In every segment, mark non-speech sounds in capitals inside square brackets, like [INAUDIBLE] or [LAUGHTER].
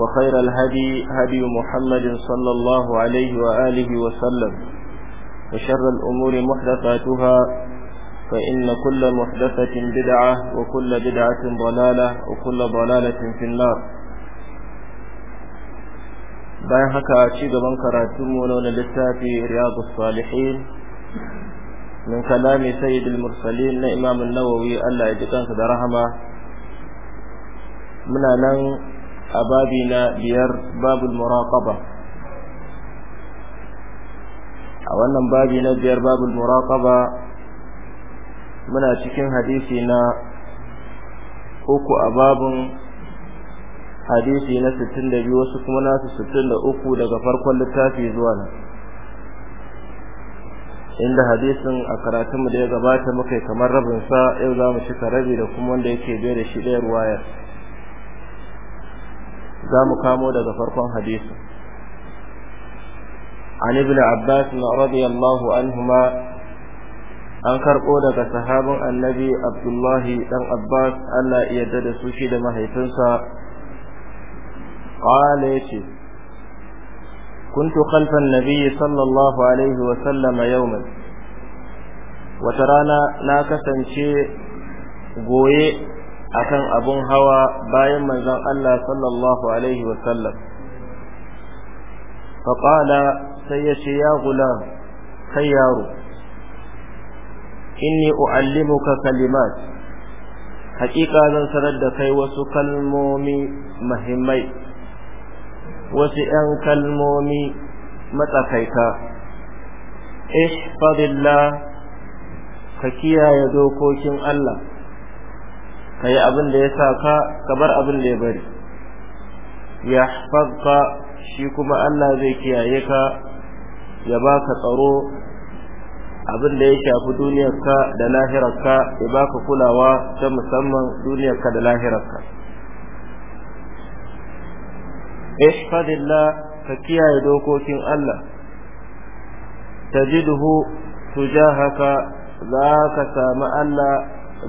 وخير الهدي هدي محمد صلى الله عليه وآله وسلم وشر الأمور محدثاتها فإن كل محدثة بدعة وكل بدعة ضلالة وكل ضلالة في النار bayan haka ci gaban karatunmu na wani littafi riyadu salihin min kalami sayyidul mursalin na imamun nawawi Allah ya ji kansa da rahama muna nan a babi na biyar babul muraqaba a wannan babi na biyar babul muraqaba muna cikin hadisi na uku a babin hadisi na 62 wasu kuma nasu 63 daga farkon littafi zuwa nan inda hadisin a karatunmu da ya gabata muka kamar rabin sa yau za mu cika rabi da kuma wanda yake biye da shi ɗaya ruwayar za mu kamo daga farkon hadisi عن ابن عباس رضي الله عنهما an karɓo daga sahabin annabi abdullahi ɗan abbas allah yadda da su shi da mahaifinsa ƙwale kuntu kalfan nabiyyi sallallahu alaihi wasallama yauman wata rana na kasance goye akan abun hawa bayan manzon Allah sallallahu alaihi wasallam faƙala sai ya ce ya gulam kai yaro inni u'allimuka kalimat haƙiƙa zan sanar da kai wasu kalmomi mahimmai wasu 'yan kalmomi matsakaita ihfadillah ka kiyaye dokokin Allah ka yi abin da ya sa ka ka bar abin da ya bari ya fagka shi kuma Allah zai kiyaye ka ya baka tsaro abin da ya shafi duniyarka da lahirarka ya baka kulawa ta musamman duniyarka da lahirarka ishfadillah ka kiyaye dokokin Allah tajidhu tujahaka za ka sami Allah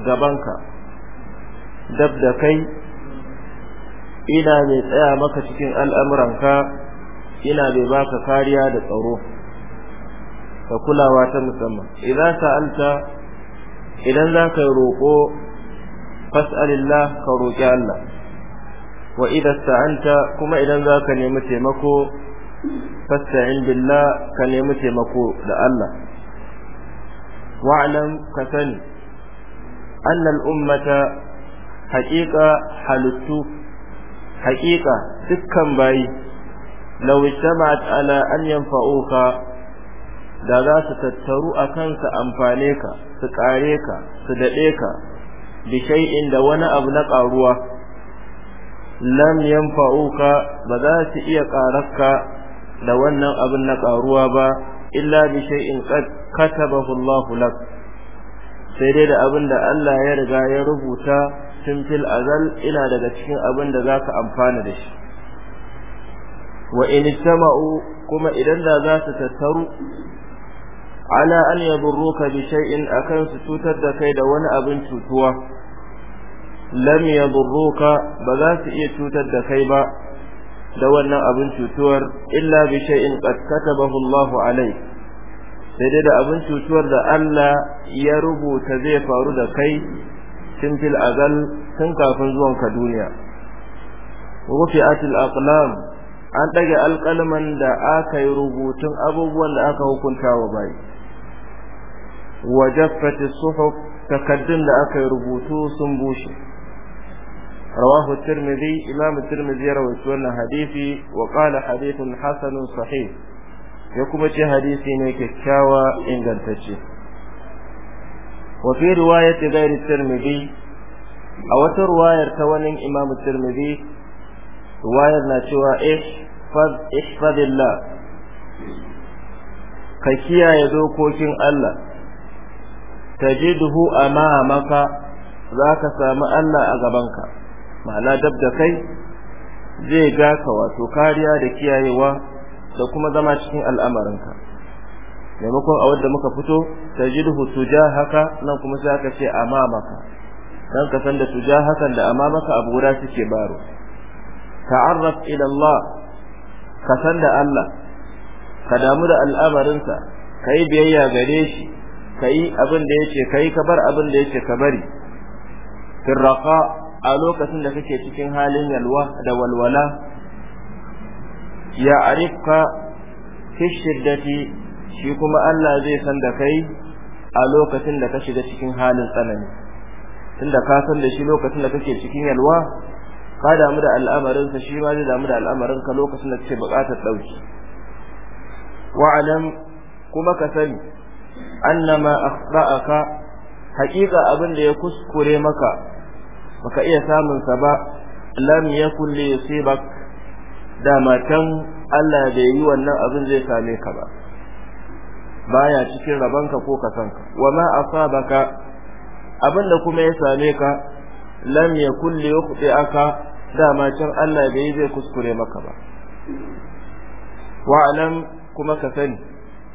gabanka dab da kai ina mai tsaya maka cikin al'amuranka ina mai baka kariya da tsaro ka kulawa ta musamman idan idan za ka yi roƙo fas'alillah ka roƙi Allah wa idan sa'anta kuma idan za ka nemi taimako fasta'in billah ka nemi taimako da Allah wa'anan ka sani annal ummata haƙiƙa halittu haƙiƙa dukkan bayi law ijtama'at ala an yanfa'uka da za su tattaru a su amfane ka su ƙare ka su daɗe ka bi shay'in da wani abu na ƙaruwa lam yanfa'uka ba za su iya ƙararka da wannan abin na ƙaruwa ba illa bi shay'in qad katabahu Allah lak sai dai da abin da Allah ya riga ya rubuta tun fil azal ina daga cikin abin da za ka amfana da shi wa in ittama'u kuma idan da za su tattaru ala an yadurruka bi shay'in akan su cutar da kai da wani abin cutuwa lam yadurruka ba za su iya cutar da kai ba da wannan abin cutuwar illa bi shay'in qad katabahu Allahu alayk sai dai da abin cutuwar da Allah ya rubuta zai faru da kai tun fil azal tun kafin zuwan ka duniya rufi'atil aqlam an dage alqalman da aka yi rubutun abubuwan da aka hukunta wa bai wajaffatis suhuf takaddun da aka yi rubutu sun bushe رواه الترمذي إمام الترمذي روى سنة حديثي وقال حديث حسن صحيح يكمت حديثي نيكتشاوى إن قلتشي wa fi riwayati ghairi tirmidhi a wata riwayar ta wani imam tirmidhi riwayar na cewa ihfaz ihfazillah ka kiyaye dokokin Allah duhu tajiduhu amamaka zaka sami Allah a gabanka ma'ana dab da kai zai gaka wato kariya da kiyayewa da kuma zama cikin al'amarinka maimakon a wadda muka fito ja haka, nan kuma sai aka ce amamaka dan ka san da hakan da amamaka abu guda suke baro ta'arraf ila Allah ka san da Allah ka damu da al'amarinsa ka yi biyayya gare shi ka yi abin da yake ka yi ka bar abin da yake ka bari firraka a lokacin da kake cikin halin yalwa da walwala ya arifka fi shiddati shi kuma Allah zai san da kai a lokacin da ka shiga cikin halin tsanani tunda ka san da shi lokacin da kake cikin yalwa ka damu da al'amarin sa shi ma zai damu da al'amarin ka lokacin da kake buƙatar dauki alam kuma ka sani annama akhta'aka haƙiƙa abin da ya kuskure maka baka iya samun sa ba lam yakun li yusibak da matan Allah bai yi wannan abin zai same ka ba baya cikin rabanka ko kasanka wa ma asabaka abinda kuma ya same ka lam yakun li aka dama can Allah bai zai kuskure maka ba wa alam kuma ka sani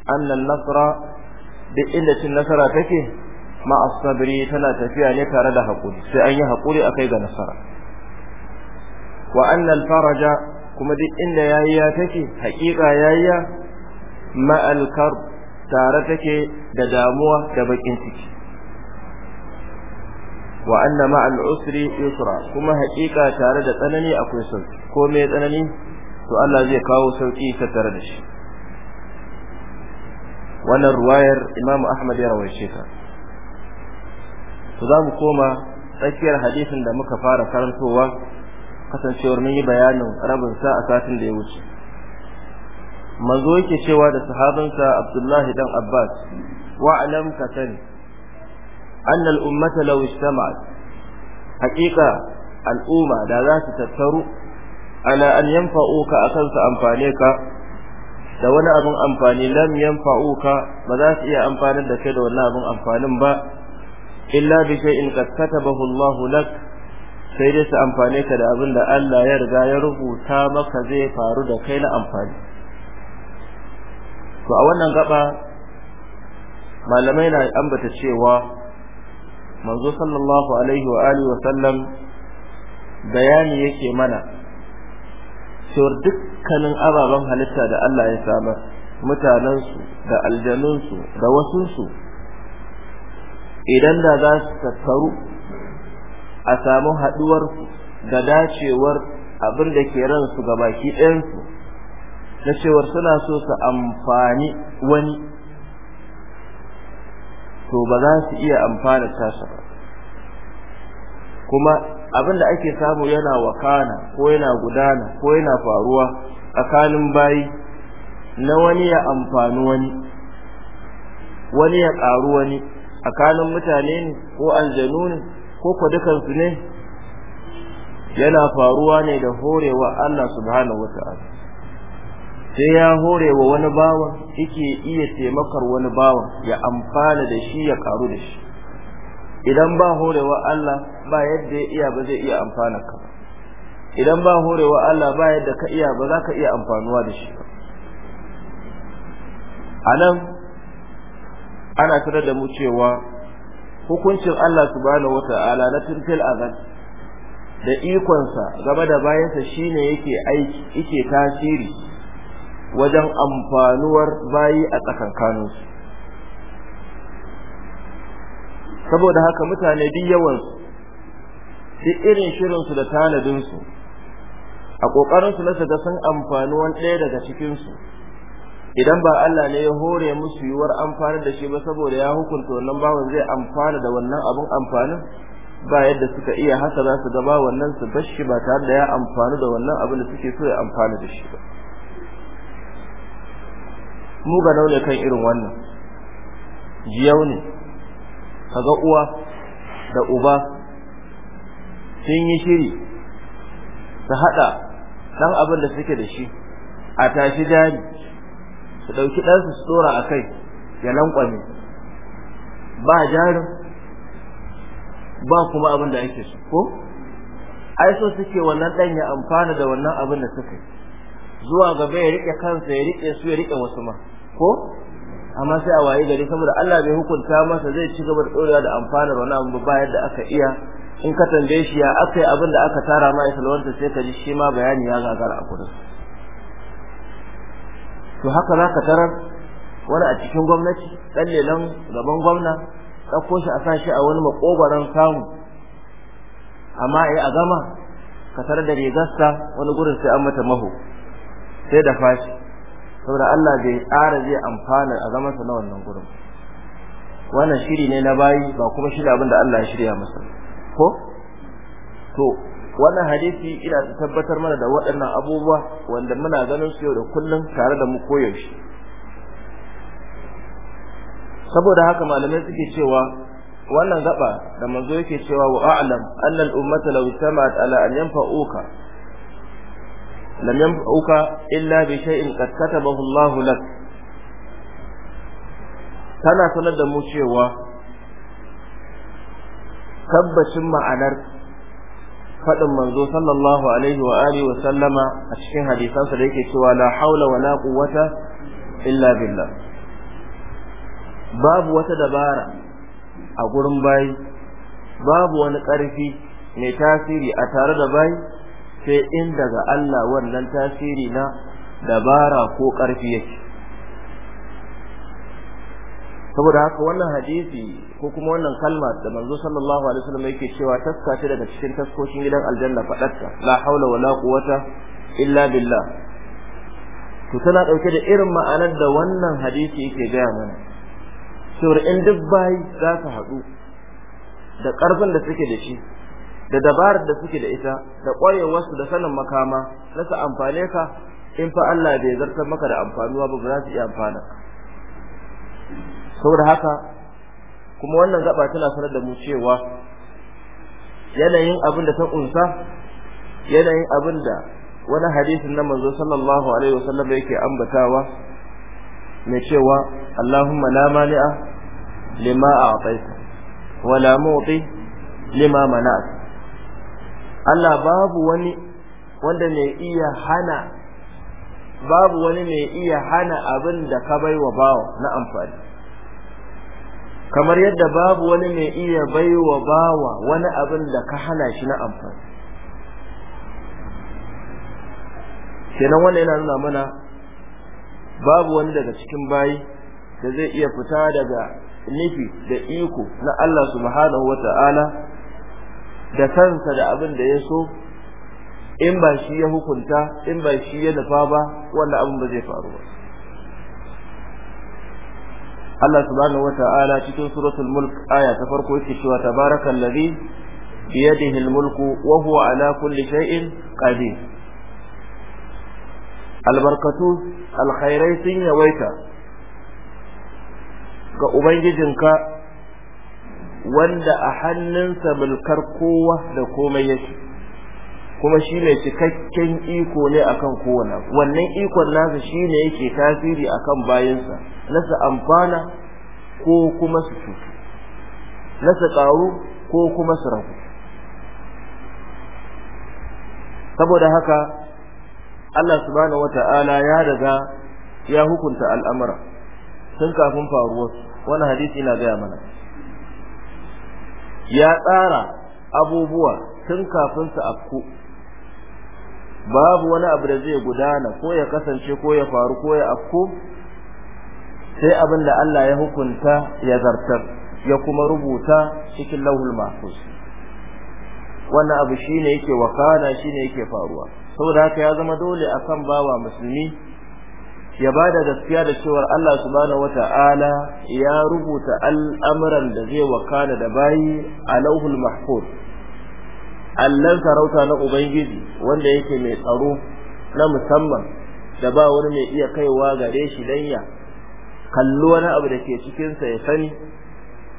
anna nasra da inda cin nasara take ma asabri tana tafiya ne tare da hakuri sai an yi hakuri akai ga nasara wa anna al-faraja kuma duk inda yayiya take haƙiƙa yayiya ma al-karb tare take da damuwa da bakin ciki wa anna al usri yusra kuma haƙiƙa tare da tsanani akwai sauki ko me tsanani to Allah zai kawo sauki ta tare da shi wannan ruwayar Imam Ahmad ya shi ta to za mu koma tsakiyar hadisin da muka fara karantowa kasancewar mun yi bayanin rabin sa a satin da ya wuce manzo yake cewa da sahabansa Abdullahi dan Abbas wa alam ka sani anna al ummata law ijtama'at haqiqa al umma da za su tattaru ala an yanfa'uka akan su amfane ka da wani abin amfani lam yanfa'uka ba za su iya amfanin da kai da wannan abin amfanin ba illa bi shay'in qad katabahu Allah lak sai dai su amfane ka da abin da Allah ya riga ya rubuta maka zai faru da kai na amfani to a wannan gaba malamai na ambata cewa manzo sallallahu alaihi wa alihi wa sallam bayani yake mana cewar dukkanin ababen halitta da Allah ya samar mutanensu da aljanunsu da wasunsu idan da za su tattaru a samu haɗuwarsu da dacewar abin da ke ransu ga baki ɗayansu na cewar suna so su amfani wani to ba za su iya amfana tasa ba kuma abin da ake samu yana wakana ko yana gudana ko yana faruwa tsakanin bayi na wani ya amfani wani wani ya ƙaru wani tsakanin mutane ne ko aljanu ne ko kwa su ne yana faruwa ne da horewa Allah subhanahu wa ta'ala sai ya hore wa wani bawan yake iya taimakar wani bawan ya amfana da shi ya karu da shi idan ba horewa Allah ba yadda ya iya ba zai iya amfana ka idan ba horewa Allah ba yadda ka iya ba za ka iya amfanuwa da shi a nan ana sanar da mu cewa hukuncin Allah subhanahu wata'ala na tilfil azan da ikonsa game da bayansa shine yake aiki yake tasiri wajen amfanuwar bayi a tsakan su saboda haka mutane duk yawan su irin shirin su da tanadin su a kokarin su na shiga sun amfani wani ɗaya daga cikin su idan ba Allah ne ya hore musu yiwuwar amfani da shi ba saboda ya hukunta wannan bawan zai amfana da wannan abun amfanin ba yadda suka iya haka za su gaba wannan su bashi ba tare da ya amfani da wannan abin da suke so ya amfana da shi ba mu ga naune kan irin wannan jiyau ne kaga uwa da uba sun yi shiri su haɗa ɗan abin da suke da shi a tashi jari su ɗauki ɗansu su tsora a kai ya lankwame ba jarin ba kuma abin da ake su, ko ai so suke wannan ɗan ya amfana da wannan abin da suka yi zuwa gaba ya riƙe kansa ya riƙe su ya riƙe wasu ma ko amma sai a waye gari saboda Allah bai hukunta masa zai ci gaba da dorewa da amfanar wani abu ba da aka iya in ka tambaye shi ya akai abin da aka tara mai salwanta sai ka ji shi ma bayani ya gagara a kudin to haka za ka tarar wani a cikin gwamnati ɗan lelan gaban gwamna ɗauko shi a sa shi a wani makogoron samu amma ai a gama ka tarar da rigarsa wani gurin sai an mata maho sai da fashi saboda Allah bai tsara zai amfana a zaman sa na wannan gurin wannan shiri ne na bayi ba kuma shiri abin da Allah ya shirya masa ko to wannan hadisi ina tabbatar mana da waɗannan abubuwa wanda muna ganin su yau da kullum tare da mu koyaushe saboda haka malamai suke cewa wannan gaba da manzo yake cewa wa a'lam annal ummata law sama'at ala an yanfa'uka lam yanfa'uka illa bi shay'in qad ba Allah lak tana sanar da mu cewa tabbacin ma'anar faɗin manzo sallallahu alaihi wa wa sallama a cikin hadisansa da yake cewa la haula wala quwwata illa billah babu wata dabara a gurin bayi babu wani ƙarfi mai tasiri a tare da bayi sai in daga Allah wannan tasiri na dabara ko ƙarfi yake saboda haka wannan hadisi ko kuma wannan kalma da manzo sallallahu alaihi wasallam yake cewa taska ce daga cikin taskokin gidan aljanna fadarta la hawla wala quwwata illa billah to tana dauke da irin ma'anar da wannan hadisi yake gaya mana saboda in duk bai za ka hadu da ƙarfin da suke da shi da dabarar da suke da ita da su da sanin makama na su amfane ka in fa Allah bai zartar maka da amfanuwa ba za su iya amfana saboda haka kuma wannan gaba tana sanar da mu cewa yanayin abin da ta kunsa yanayin abin da wani hadisin na manzo sallallahu alaihi wasallam yake ambatawa mai cewa Allahumma la mani'a lima a'taita wa mu'ti lima mana'a Allah babu wani wanda mai iya hana babu wani mai iya hana abin da ka bai wa bawa na amfani kamar yadda babu wani mai iya bai wa bawa wani abin da ka hana shi na amfani kenan wannan yana nuna mana babu wani daga cikin bayi da zai iya fita daga nufi da iko na Allah subhanahu wata'ala da kansa da abin da ya so in ba shi ya hukunta in ba shi ya nufa ba wannan abin ba zai faru ba Allah subhanahu ta'ala cikin suratul mulk aya ta farko yake cewa tabarakal ladhi yadihi al-mulku wa huwa ala kulli shay'in qadir albarkatu alkhairai sun yawaita ga ubangijinka wanda a hannunsa mulkar kowa da komai yake kuma shi ne cikakken iko ne akan kowane wannan ikon nasa shi ne yake tasiri akan bayansa nasa amfana ko kuma su cutu nasa tsaro ko kuma su rabu. saboda haka Allah subhanahu wata'ala ya daga ya hukunta al'amura tun kafin faruwar wani hadisi na gaya mana ya tsara abubuwa tun kafin su afku babu wani abu da zai gudana ko ya kasance ko ya faru ko ya afku sai abin da Allah ya hukunta ya zartar ya kuma rubuta cikin lauhul mahfuz wannan abu shine yake wakana shine yake faruwa saboda haka ya zama dole akan bawa musulmi ya bada gaskiya da cewar Allah subhanahu wata'ala ya rubuta al'amuran da zai wakana da bayi a lauhul mahfuz allan sarauta na ubangiji wanda yake mai tsaro na musamman da ba wani mai iya kaiwa gare shi dan ya kalli wani abu da ke cikinsa ya sani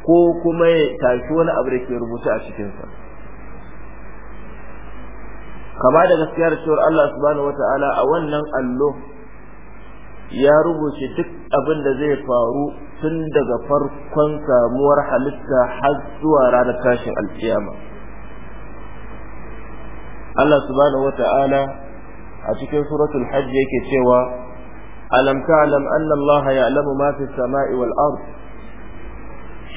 ko kuma ya tashi wani abu da ke rubuta a cikinsa kama da gaskiyar cewar Allah subhanahu wata'ala a wannan allo ya rubuce duk abin da zai faru tun daga farkon samuwar halitta har zuwa ranar tashin alkiyama Allah subhanahu wata'ala a cikin suratul hajj yake cewa alam ta'lam anna Allah ya'lamu ma fi samai wal ard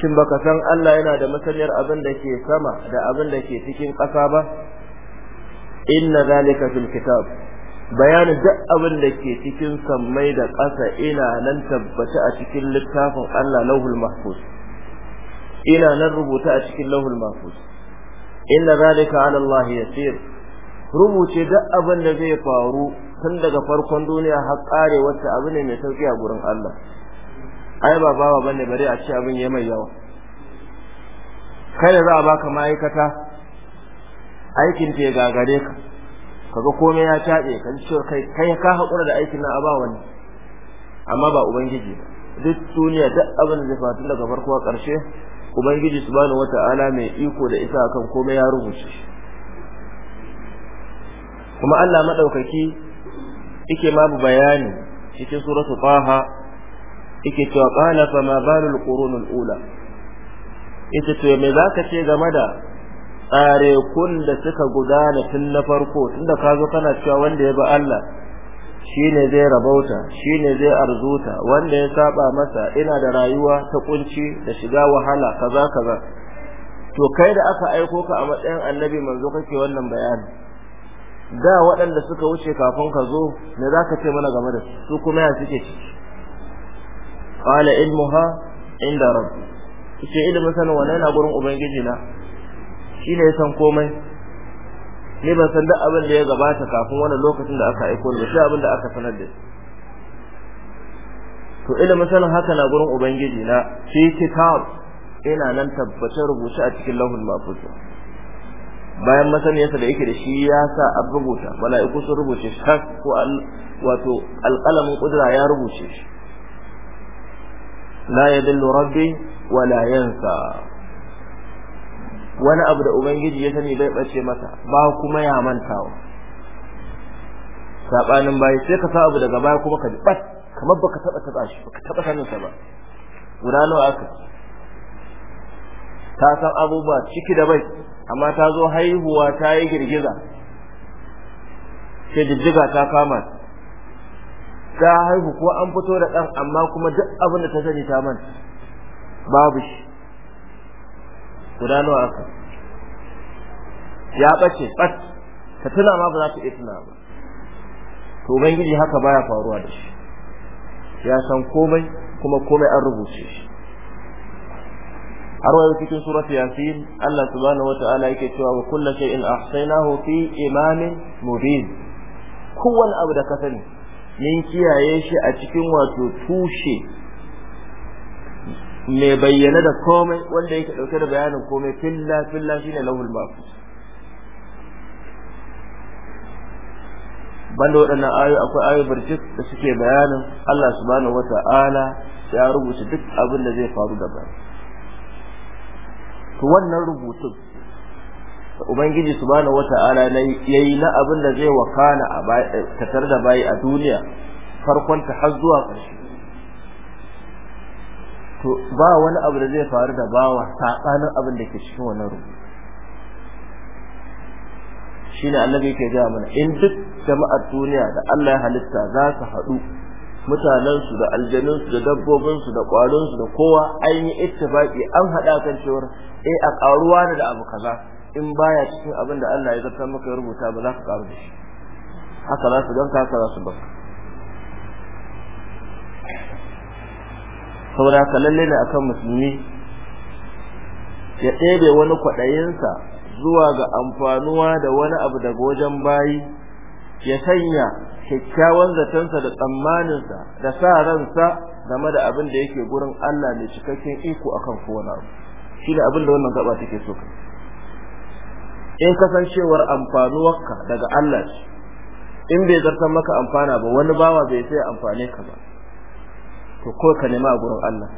shin baka san Allah yana da masaniyar abin da ke sama da abin da ke cikin ƙasa ba inna zalika fil kitab bayanin duk abin da ke cikin sammai da ƙasa ina nan tabbata a cikin littafin Allah lauhul mahfuz ina nan rubuta a cikin lauhul mahfuz inna zalika ala Allah yasir rubuce duk abin da zai faru tun daga farkon duniya har kare wata abu ne mai sauki a gurin Allah ai ba bawa bane bare a ce abin yayi mai yawa kada za a baka ma'aikata aikin te gagare ka kaga komai ya tabe ka ji cewa kai kai ka hakura da aikin nan a ne amma ba ubangiji ba duk duniya duk abin da fatu daga farko a ƙarshe ubangiji subhanahu wata'ala mai iko da isa kan komai ya rubuce kuma Allah madaukaki yake ma bayani cikin suratul taha yake cewa qala fa ma balul qurunul ula yake cewa me zaka ce game da tsare kun da suka gudana tun na farko tunda ka zo kana cewa wanda ya bi Allah shine zai rabauta shine zai arzuta wanda ya saba masa ina da rayuwa ta kunci da shiga wahala kaza kaza to kai da aka aiko ka a matsayin annabi manzo kake wannan bayani da waɗanda suka wuce kafin ka zo me za ka ce mana game da su su kuma ya suke ciki qala ilmuha inda rabbi ce ilimin sanin wannan yana gurin ubangiji na shi ne ya san komai ni ban san duk abin da ya gabata kafin wani lokacin da aka aiko ni shi abin da aka sanar da to ilimin sanin haka na gurin ubangiji na shi kitab ina nan tabbatar rubuce a cikin lahul mafuz bayan masaniyarsa da yake da shi ya sa a rubuta mala'iku sun rubuce shi ko wato alƙalamin kudura ya rubuce shi la yadullu rabbi wa la yansa wani abu da ubangiji ya sani bai bace masa ba kuma ya mantawa sabanin bai sai ka sa abu daga baya kuma ka bat kamar baka taba taba shi baka taba sanin sa ba gurano nawa aka ta san abubuwa ciki da bai amma ta zo haihuwa ta yi girgiza sai jijjiga ta kama ta haihu ko an fito da ɗan amma kuma duk abin da ta sani ta manta babu shi guda nawa aka ya bace bas ka tuna ma ba za ta iya tuna ba to ubangiji haka baya faruwa da shi ya san komai kuma komai an rubuce shi har wayo cikin surat yasin Allah subhanahu Ta'ala yake cewa wa kullu shay'in ahsaynahu fi imamin mubin kowanne abu da ka sani min kiyaye shi a cikin wato tushe mai bayyana da komai wanda yake dauke da bayanin komai filla filla shine lahul mahfuz banda waɗannan ayoyi akwai ayoyi barjik da suke bayanin Allah subhanahu wata'ala ya rubuta duk abin da zai faru da bayan to wannan rubutun da ubangiji subhanahu wata'ala yayi na abin da zai wakana a eh, tattar da bayi a duniya farkon ta har zuwa ƙarshe to ba wani abu da zai faru da bawa sakanin abin da ke cikin wannan rubutu shine annabi yake ga mana in duk jama'ar duniya da Allah ya halitta za su haɗu mutanen su da aljanun su da dabbobin su da ƙwarin su da kowa an yi ittifaki an haɗa kan cewa eh a ƙaruwa da abu kaza in baya cikin abin da Allah ya zartar maka ya rubuta ba za ka ƙaru da shi haka za su ganka haka za su baka saboda ka lalle ne akan musulmi ya ɗebe wani kwaɗayinsa zuwa ga amfanuwa da wani abu daga wajen bayi ya sanya kyakkyawan sa da tsammaninsa da sa ransa game da abin da yake gurin Allah mai cikakken iko akan kowane abu shi ne abin da wannan gaba take so in kasancewar amfanuwarka daga Allah ce in bai zartar maka amfana ba wani bawa bai sai amfane ka ba to ko ka nema a gurin Allah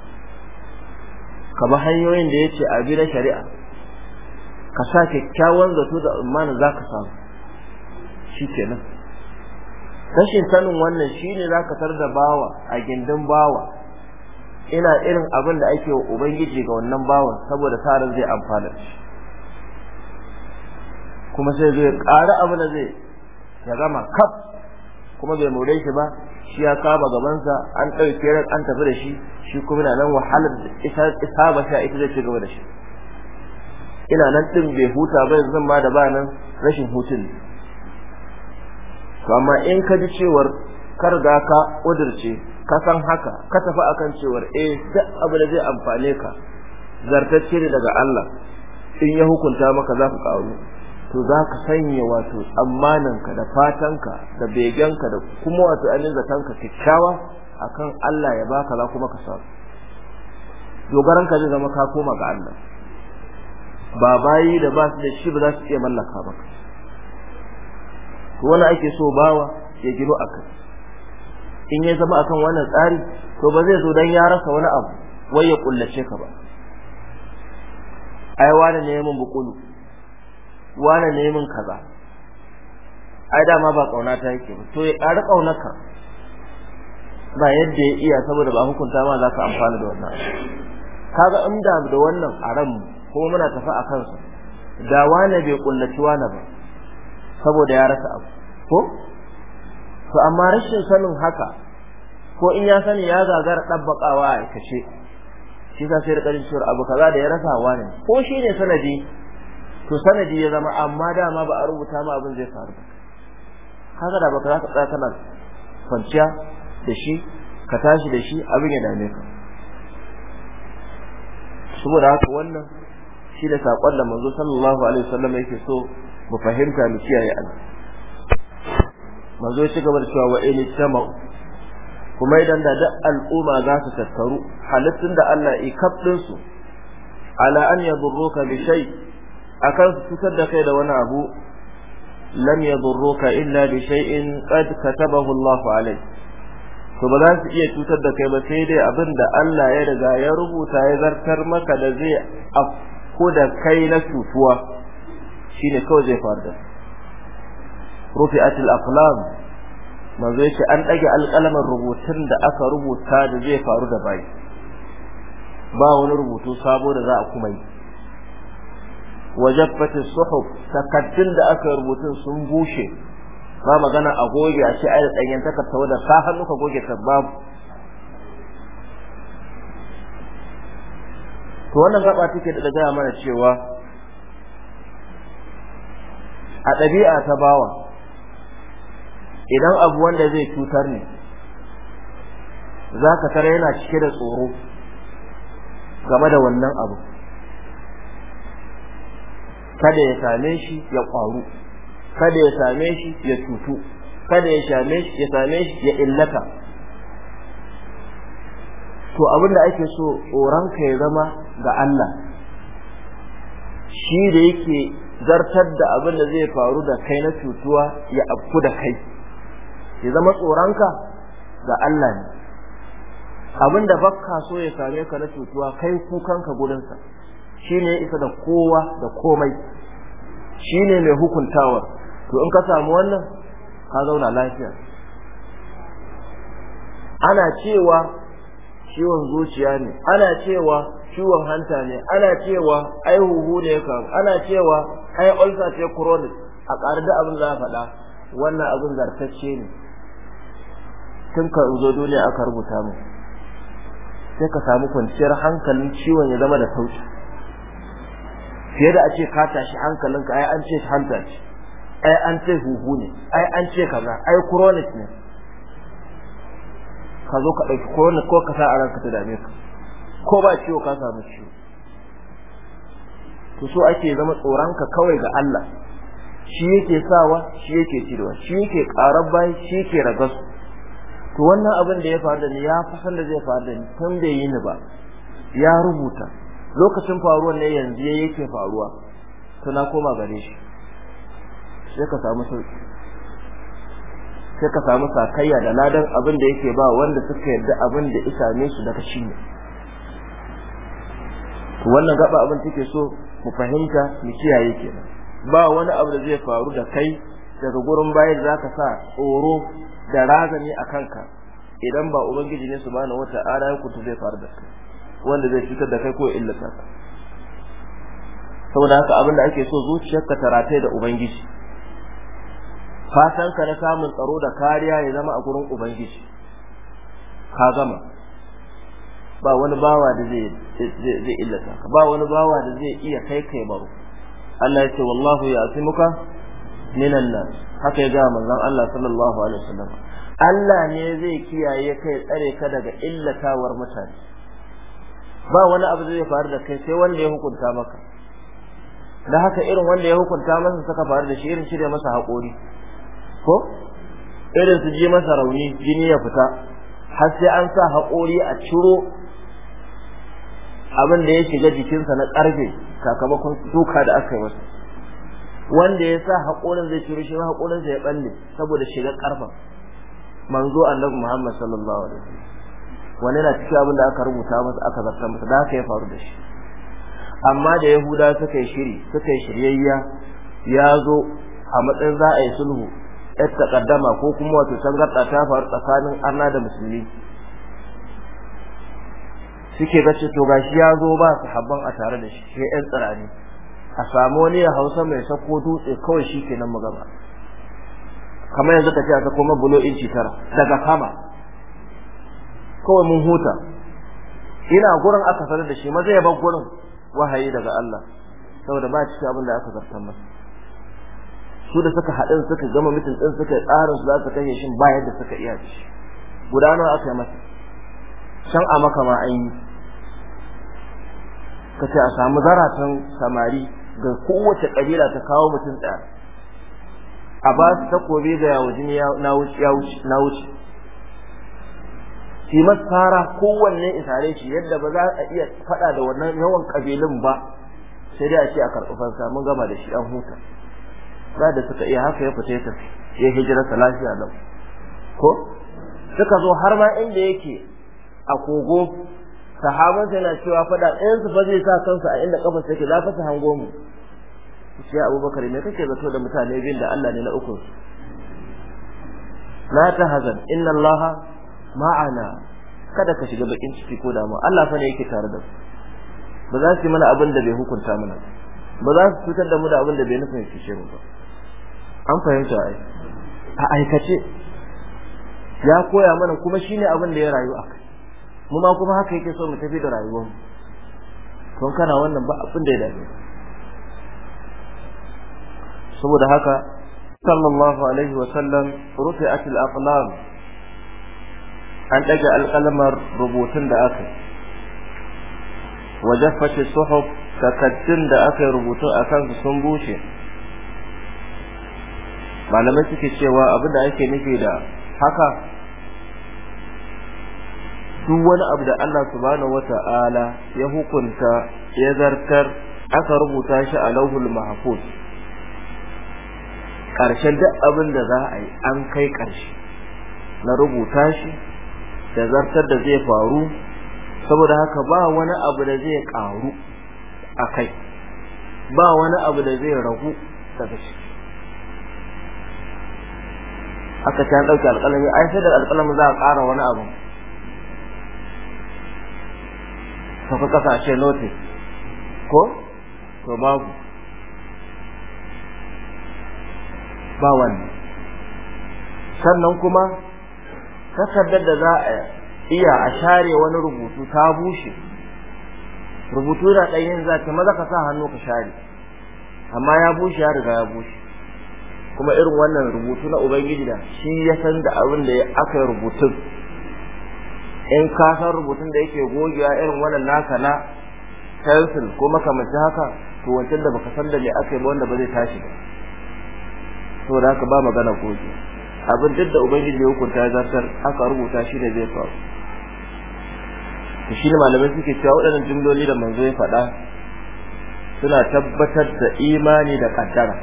ka bi hanyoyin da yace a bi na shari'a ka sa kyakkyawan zato da za ka samu shi ke nan. rashin sanin wannan shi shine zaka ka da bawa a gindin bawa ina irin abin da ake wa ubangiji ga wannan bawan saboda tarin zai amfana shi kuma sai zai ƙara abin da zai ya gama kaf kuma bai more shi ba shi ya kaba gabansa an ɗauke ran an tafi da shi shi kuma na nan wahalar isa ba sai ita zai ci gaba da shi ina nan ɗin bai huta ba yanzu ma da ba nan rashin hutun to amma in ka ji cewar kar riga ka ƙudurce ka san haka ka tafi akan cewar eh duk abu da zai amfane ka zartacce daga Allah in ya hukunta maka za ku ƙaru to za ka sanya wato tsammaninka da fatanka da begenka da kuma wato ainihin zatanka kyakkyawa akan Allah ya baka za kuma ka samu ka zai zama ka koma ga Allah Babayi da ba su da shi ba za su iya mallaka ba. to wani ake so bawa ya gino kai. in ya zama akan wannan tsari to ba zai zo dan ya rasa wani abu wai ya kullace ka ba ai wani ne mun bukulu wane ne min kaza ai dama ba kauna ta yake ba to ya ƙara kaunaka ba yadda ya iya saboda ba hukunta ma za ka amfana da wannan kaga in da da wannan a ran ko muna tafi a kansa da wane bai kullaci wane ba saboda ya rasa abu ko to amma rashin sanin haka ko in ya sani ya gagara dabbakawa a aikace shi ka sai ya karin cewa abu kaza da ya rasa wane ko shi ne sanadi to sanadi ya zama amma dama ba a rubuta ma abin zai faru kaga da baka ka tsaya kana kwanciya da shi ka tashi da shi abin ya dame ka saboda haka wannan shi da sakon da manzo sallallahu alaihi wasallam yake so mu fahimta mu kiyaye Allah manzo ya da cewa wa kuma idan da duk al'umma za su tattaru halittun da Allah ya kafdin su ala an yadurruka bi shay' akan cutar da kai da wani abu lam yadurruka illa bi shay'in qad katabahu Allahu alayk to ba za su iya cutar da kai ba sai dai abin da Allah ya riga ya rubuta ya zartar maka da zai afku da kai na cutuwa shine kawai zai faru da rufi'atul aqlam zai ce an dage alƙalamin rubutun da aka rubuta da zai faru da bai ba wani rubutu sabo da za a kuma yi wajaffati suhuf takaddun da aka rubuta sun bushe ba magana a goge a ce ai danyen takarda wanda ka hannu ka goge ka babu to wannan gaba take da gaya mana cewa a ɗabi'a ta bawa idan abu wanda zai cutar ne za ka yana cike da tsoro game da wannan abu kada ya same shi ya kwaru kada ya same shi ya tutu, kada ya same shi ya same shi ya illata to abinda ake so tsoronka ya zama ga Allah shi da yake zartar da abin da zai faru da kai na cutuwa ya afku da kai ya zama tsoronka ga Allah ne abin da bakka so ya same ka na cutuwa kai kukanka gudunsa. shine ya isa da kowa da komai shine mai hukuntawa to in ka samu wannan ka zauna lafiya ana cewa ciwon zuciya ne ana cewa ciwon hanta ne ana cewa ai huhu ne ka ana cewa ai ulcer ce chronic a ƙarar da abin za a faɗa wannan abin zartacce ne tun ka zo duniya aka rubuta mu sai ka samu kwanciyar hankalin ciwon ya zama da sauki fiye da a ce ka tashi hankalinka ai an ce hanta ai an ce huhu ne ai an ce kaza ai chronic ne ka zo ka ɗauki chronic ko ka sa a ranka ta dame ka ko ba ciwo ka samu ciwo to so ake zama tsoronka kawai ga Allah shi yake sawa shi yake cirewa shi yake ƙarar bayi shi yake ragasu to wannan abin da ya faru da ni ya fasan da zai faru da ni tun bai yi ni ba ya rubuta lokacin faruwar ne yanzu yake faruwa to na koma gare shi sai ka samu sauki sai ka samu sakayya da ladan abin da yake ba wanda suka yarda abin da isa ne su daga shi ne to wannan gaba abin take so mu fahimta mu kiyaye kenan ba wani abu da zai faru da kai daga gurin bayan zaka sa tsoro da razani a kanka idan ba ubangiji ne subhanahu wata'ala ya kutu zai faru da kai wanda zai cutar da kai ko illata ka saboda haka abin da ake so zuciyarka ta rataye da ubangiji fatan ka na samun tsaro da kariya ya zama a gurin ubangiji ka gama ba wani bawa da zai zai illata ka ba wani bawa da zai iya kai kai baro Allah ya ce wallahu ya asimuka minan nan. haka ya ga manzon Allah sallallahu alaihi wasallam Allah ne zai kiyaye kai tsare ka daga illatawar mutane ba wani abu zai faru da kai sai wanda ya hukunta maka da haka irin wanda ya hukunta masa suka faru da shi irin da masa haƙori ko irin su ji masa rauni jini ya fita har sai an sa haƙori a ciro abin da ya shiga jikinsa na ƙarfe sakamakon duka da aka yi masa wanda ya sa haƙorin zai ciro shi sa ya balle saboda shiga ƙarfen manzo annabi Muhammad sallallahu alaihi wasallam wani na cikin abin da aka rubuta masa aka zartar masa da aka ya faru da shi amma da yahuda suka yi shiri suka yi shiryayya ya zo a matsayin za a yi sulhu ya takaddama ko kuma wato tangarɗa ta faru tsakanin arna da musulmi suke ga to gashi ya zo ba su habban a tare da shi sai yan tsirani a samu wani ya hausa mai sako dutse kawai shi kenan mu gaba kamar yanzu ka ce a sako mabulo inci tara daga kama. kawai mun huta ina gurin aka sanar da shi maza ya bar gurin wahayi daga Allah saboda ba cikin abin da aka zartar masa su da suka hadin suka gama mutum din suka tsarin su za su kashe shi ba yadda suka iya shi gudanar aka yi masa san a maka ma an yi ka ce a samu zaratan samari ga kowace kabila ta kawo mutum ɗaya a ba su takobi ga yawo jini na wuce shi masara kowanne isare shi yadda ba za a iya faɗa da wannan yawan ƙabilun ba sai dai a ce a karɓi fansa mun gama da shi an huta za da suka iya haka ya fita ya tafi ya hijira sa lafiya lau ko suka zo har ma inda yake a kogo sahaban sai na cewa faɗa ɗayan su fa zai sa kansa a inda kafa yake za ka ta hango mu sai abubakar me kake zato da mutane biyun da Allah ne na uku la tahzan inna allaha ma'ana kada ka shiga bakin ciki ko damuwa Allah fa ne yake tare da mu ba za su yi mana abin da bai hukunta mana ba za su cutar da mu da abin da bai nufin fice mu ba an fahimta ai a aikace ya koya mana kuma shine abin da ya rayu kai mu ma kuma haka yake so mu tafi da rayuwar mu kun kana wannan ba abin da ya dace saboda haka sallallahu alaihi wa sallam rufi'at al-aqlam an ɗaga alƙalamar rubutun da aka wa jafface suhuf takaddun da aka rubutu a kansu sun bushe malamai suke cewa abin da ake nufi da haka duk wani abu da Allah subhanahu wata'ala ya hukunta ya zartar aka rubuta shi a lauhul mahfuz Karshe duk abin da za a yi an kai ƙarshe na rubuta shi da zartar da zai faru saboda haka ba wani abu da zai karu a kai ba wani abu da zai ragu daga shi, aka ta dauki alƙalami ai sai da alƙalami za a ƙara wani abu tafi ƙasashe lote ko to babu ba wani sannan kuma takardar da za a iya a share wani rubutu ta bushe rubutu da ɗanyen za ta maza ka sa hannu ka share amma ya bushe ya riga ya bushe kuma irin wannan rubutu na ubangiji da shi ya san da abin da aka yi rubutun in ka san rubutun da yake gogewa irin wannan naka na pencil ko makamanci haka to wancan da baka san da me aka yi ba wanda ba zai tashi ba saboda haka ba magana gogewa abin duk da ubangiji ya hukunta ya zartar aka rubuta shi da zai faru shi ne malamai suke cewa waɗannan jimloli da manzo ya faɗa suna tabbatar da imani da kaddara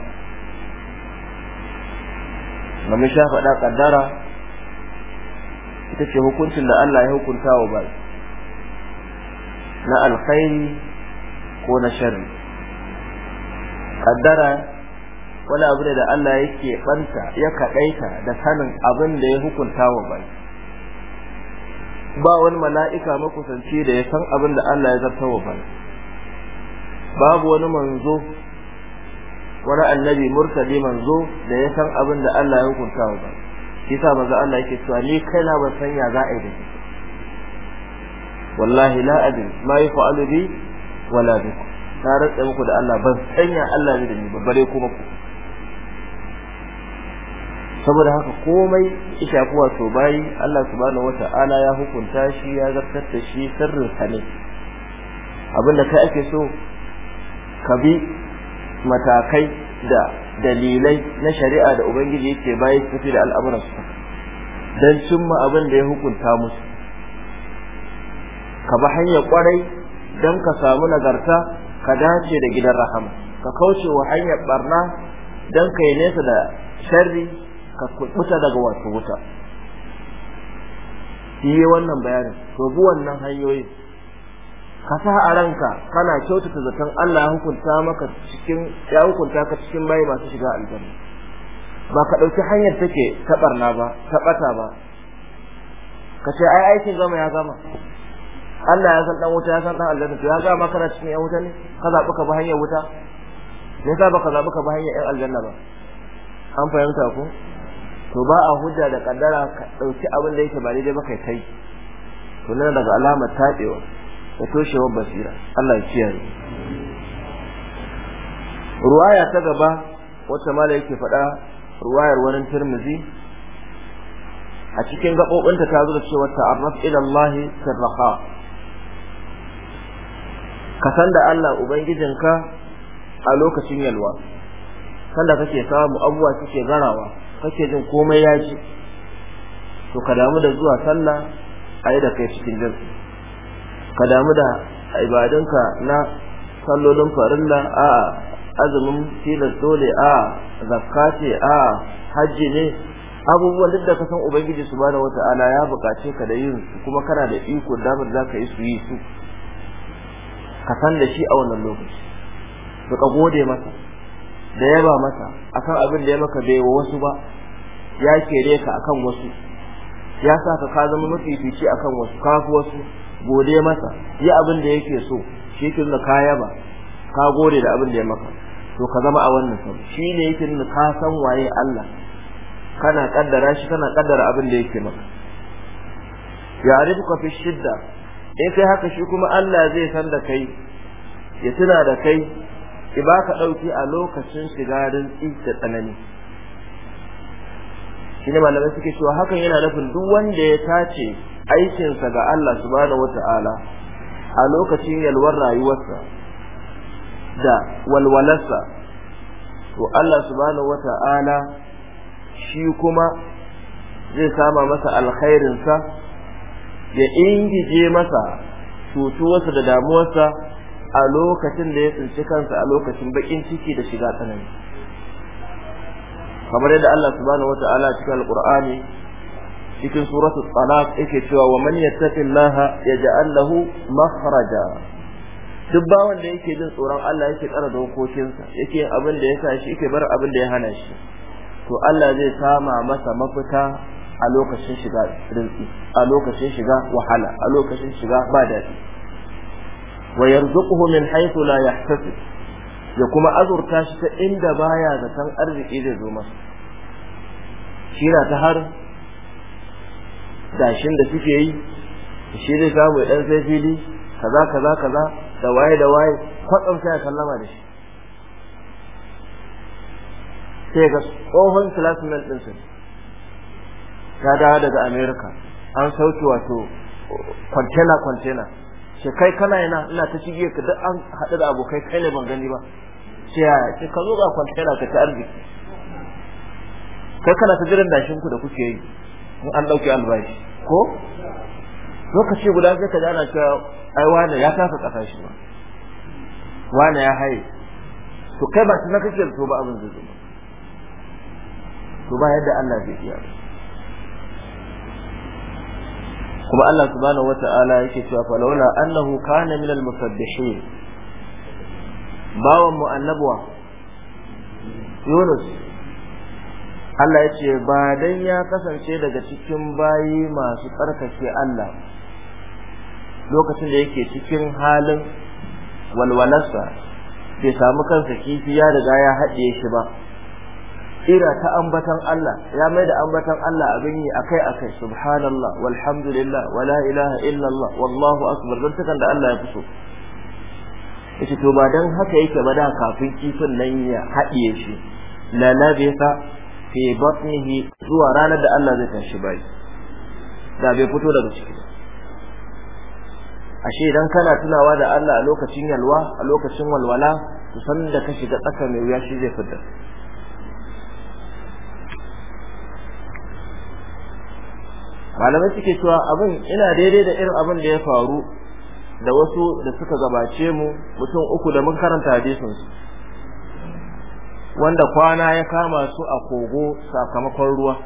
mun sha faɗa kaddara ita ce hukuncin da Allah ya hukunta wa bai na alkhairi ko na sharri kaddara wani abu ne da Allah yake banta ya kadaita da sanin abin da ya hukunta wa bai ba wani mala'ika makusanci da ya san abin da Allah ya zarta wa bai babu wani manzo wani annabi murtadi manzo da ya san abin da Allah ya hukunta wa bai shi sa manzo Allah yake cewa ni kaina ban san ya za a yi da wallahi la adri ma yaf'alu bi wala bi na rantsa muku da Allah ban sanya Allah ne da ni ba bare kuma ku saboda haka komai ishafuwa to bayi Allah subhanahu wata'ala ya hukunta shi ya zartar da shi sirrin sa ne abinda kai ake so ka bi matakai da dalilai na shari'a da ubangiji yake bayi kafi da al'amuran su dan cimma abin da ya hukunta musu ka ba hanyar kwarai dan ka samu nagarta ka dace da gidan rahama ka kauce wa hanyar barna dan kai nesa da sharri ka kubuta daga wasu wuta shi wannan bayanin to bi wannan hanyoyin ka sa a ranka kana kyautata zaton Allah ya hukunta maka cikin ya hukunta ka cikin mai masu shiga aljanna ba ka dauki hanyar take ta barna ba ta bata ba ka ce ai aikin gama ya gama Allah ya san dan wuta ya san dan aljanna to ya gama kana cikin yan wuta ne ka zaɓi ka bi hanyar wuta ne ka baka ka bi hanyar yan aljanna ba an fahimta ku to ba a hujja da kaddara ka dauki abin da yake ba daidai ba kai kai to nan daga alamar tabewa da toshewar basira Allah ya kiyaye ruwaya ta gaba wata mala yake faɗa ruwayar wurin Tirmidhi a cikin gaɓoɓinta ta zo da cewa ta'arraf ila Allah sirraha ka san da Allah ubangijinka a lokacin yalwa sanda kake samu abubuwa suke garawa kake jin komai ya ji to ka damu da zuwa sallah ayi da kai cikin jin ka damu da ibadunka na sallolin farilla a azumin tilas dole a zakka ce a hajji ne abubuwan duk da ka san ubangiji subhanahu wata'ala ya bukace ka da yin su kuma kana da iko damar za ka yi su yi su ka san da shi a wannan lokaci ka gode masa da yaba masa akan abin da ya maka bai wa wasu ba ya kere ka akan wasu ya sa ka ka zama mafifici akan wasu kafi wasu gode masa yi abin da yake so shi ke nuna ka yaba ka gode da abin da ya maka to ka zama a wannan sabu shi ne yake nuna ka san waye Allah kana kaddara shi kana kaddara abin da yake maka ya arifuka fi shidda in kai haka shi kuma Allah zai san da kai ya tuna da kai ki ka ɗauki a lokacin shiga rintsi da tsanani shi ne malamai suke cewa hakan yana nufin duk wanda ya tace aikinsa ga Allah subhanahu wata'ala a lokacin yalwar rayuwarsa da walwalarsa to Allah subhanahu wata'ala shi kuma zai sama masa alkhairinsa ya ingije masa cutuwarsa da damuwarsa a lokacin da ya tsinci kansa a lokacin bakin ciki da shiga tsanani kamar yadda Allah subhanahu wataala cikin alqur'ani cikin suratul talaq yake cewa wa man yattaqillaha yaj'al lahu makhraja duk bawan da yake jin tsoron Allah yake tsara dokokinsa yake yin abin da ya sa shi yake bar abin da ya hana shi to Allah zai sama masa mafita a lokacin shiga rinsi a lokacin shiga wahala a lokacin shiga ba dadi wa yarzuquhu min haythu la yahtasib ya kuma azurta shi ta inda baya da san arziki zai zo masa shira ta har dashin da suke yi shi zai samu ya dan sai fili kaza kaza kaza da waye da waye kwatsam sai ya sallama da shi sai ga tsohon classmate din su ta dawo daga America an sauki wato kwantena kwantena ce kai kana yana ina ta cigiyar ka duk an haɗu da abokai kai ne ban gani ba ce ya ce ka zo ga kwantaina ka ta arziki kai kana ta jiran dashin ku da kuke yi in an ɗauki albashi ko lokaci guda sai ka ji ana cewa ai wane ya kasa ƙasa shi ba wane ya haye to kai ba tunan kake da to ba abin zai zo to ba yadda Allah zai iya ba kuma Allah subhanahu wata'ala yake cewa fa laula annahu kana min al musaddihin bawan mu annabwa Yunus Allah ya ba dan ya kasance daga cikin bayi masu tsarkake Allah lokacin da yake cikin halin walwalarsa bai samu kansa kifi ya riga ya haɗe shi ba ira ta ambatan Allah ya mai da ambatan Allah abin yi akai akai subhanallah walhamdulillah wala ilaha illallah wallahu akbar Don takan da Allah ya fi so yace to ba dan haka yake ba da kafin kifin nan ya haɗiye shi la labisa fi batnihi zuwa ranar da Allah zai tashi bai da bai fito daga ciki ashe idan kana tunawa da Allah a lokacin yalwa a lokacin walwala to san da ka shiga tsaka mai wuya shi zai fitar malamai suke cewa abin ina daidai da irin abin da ya faru da wasu da suka gabace mu mutum uku da mun karanta hadisin su wanda kwana ya kama su a kogo sakamakon ruwa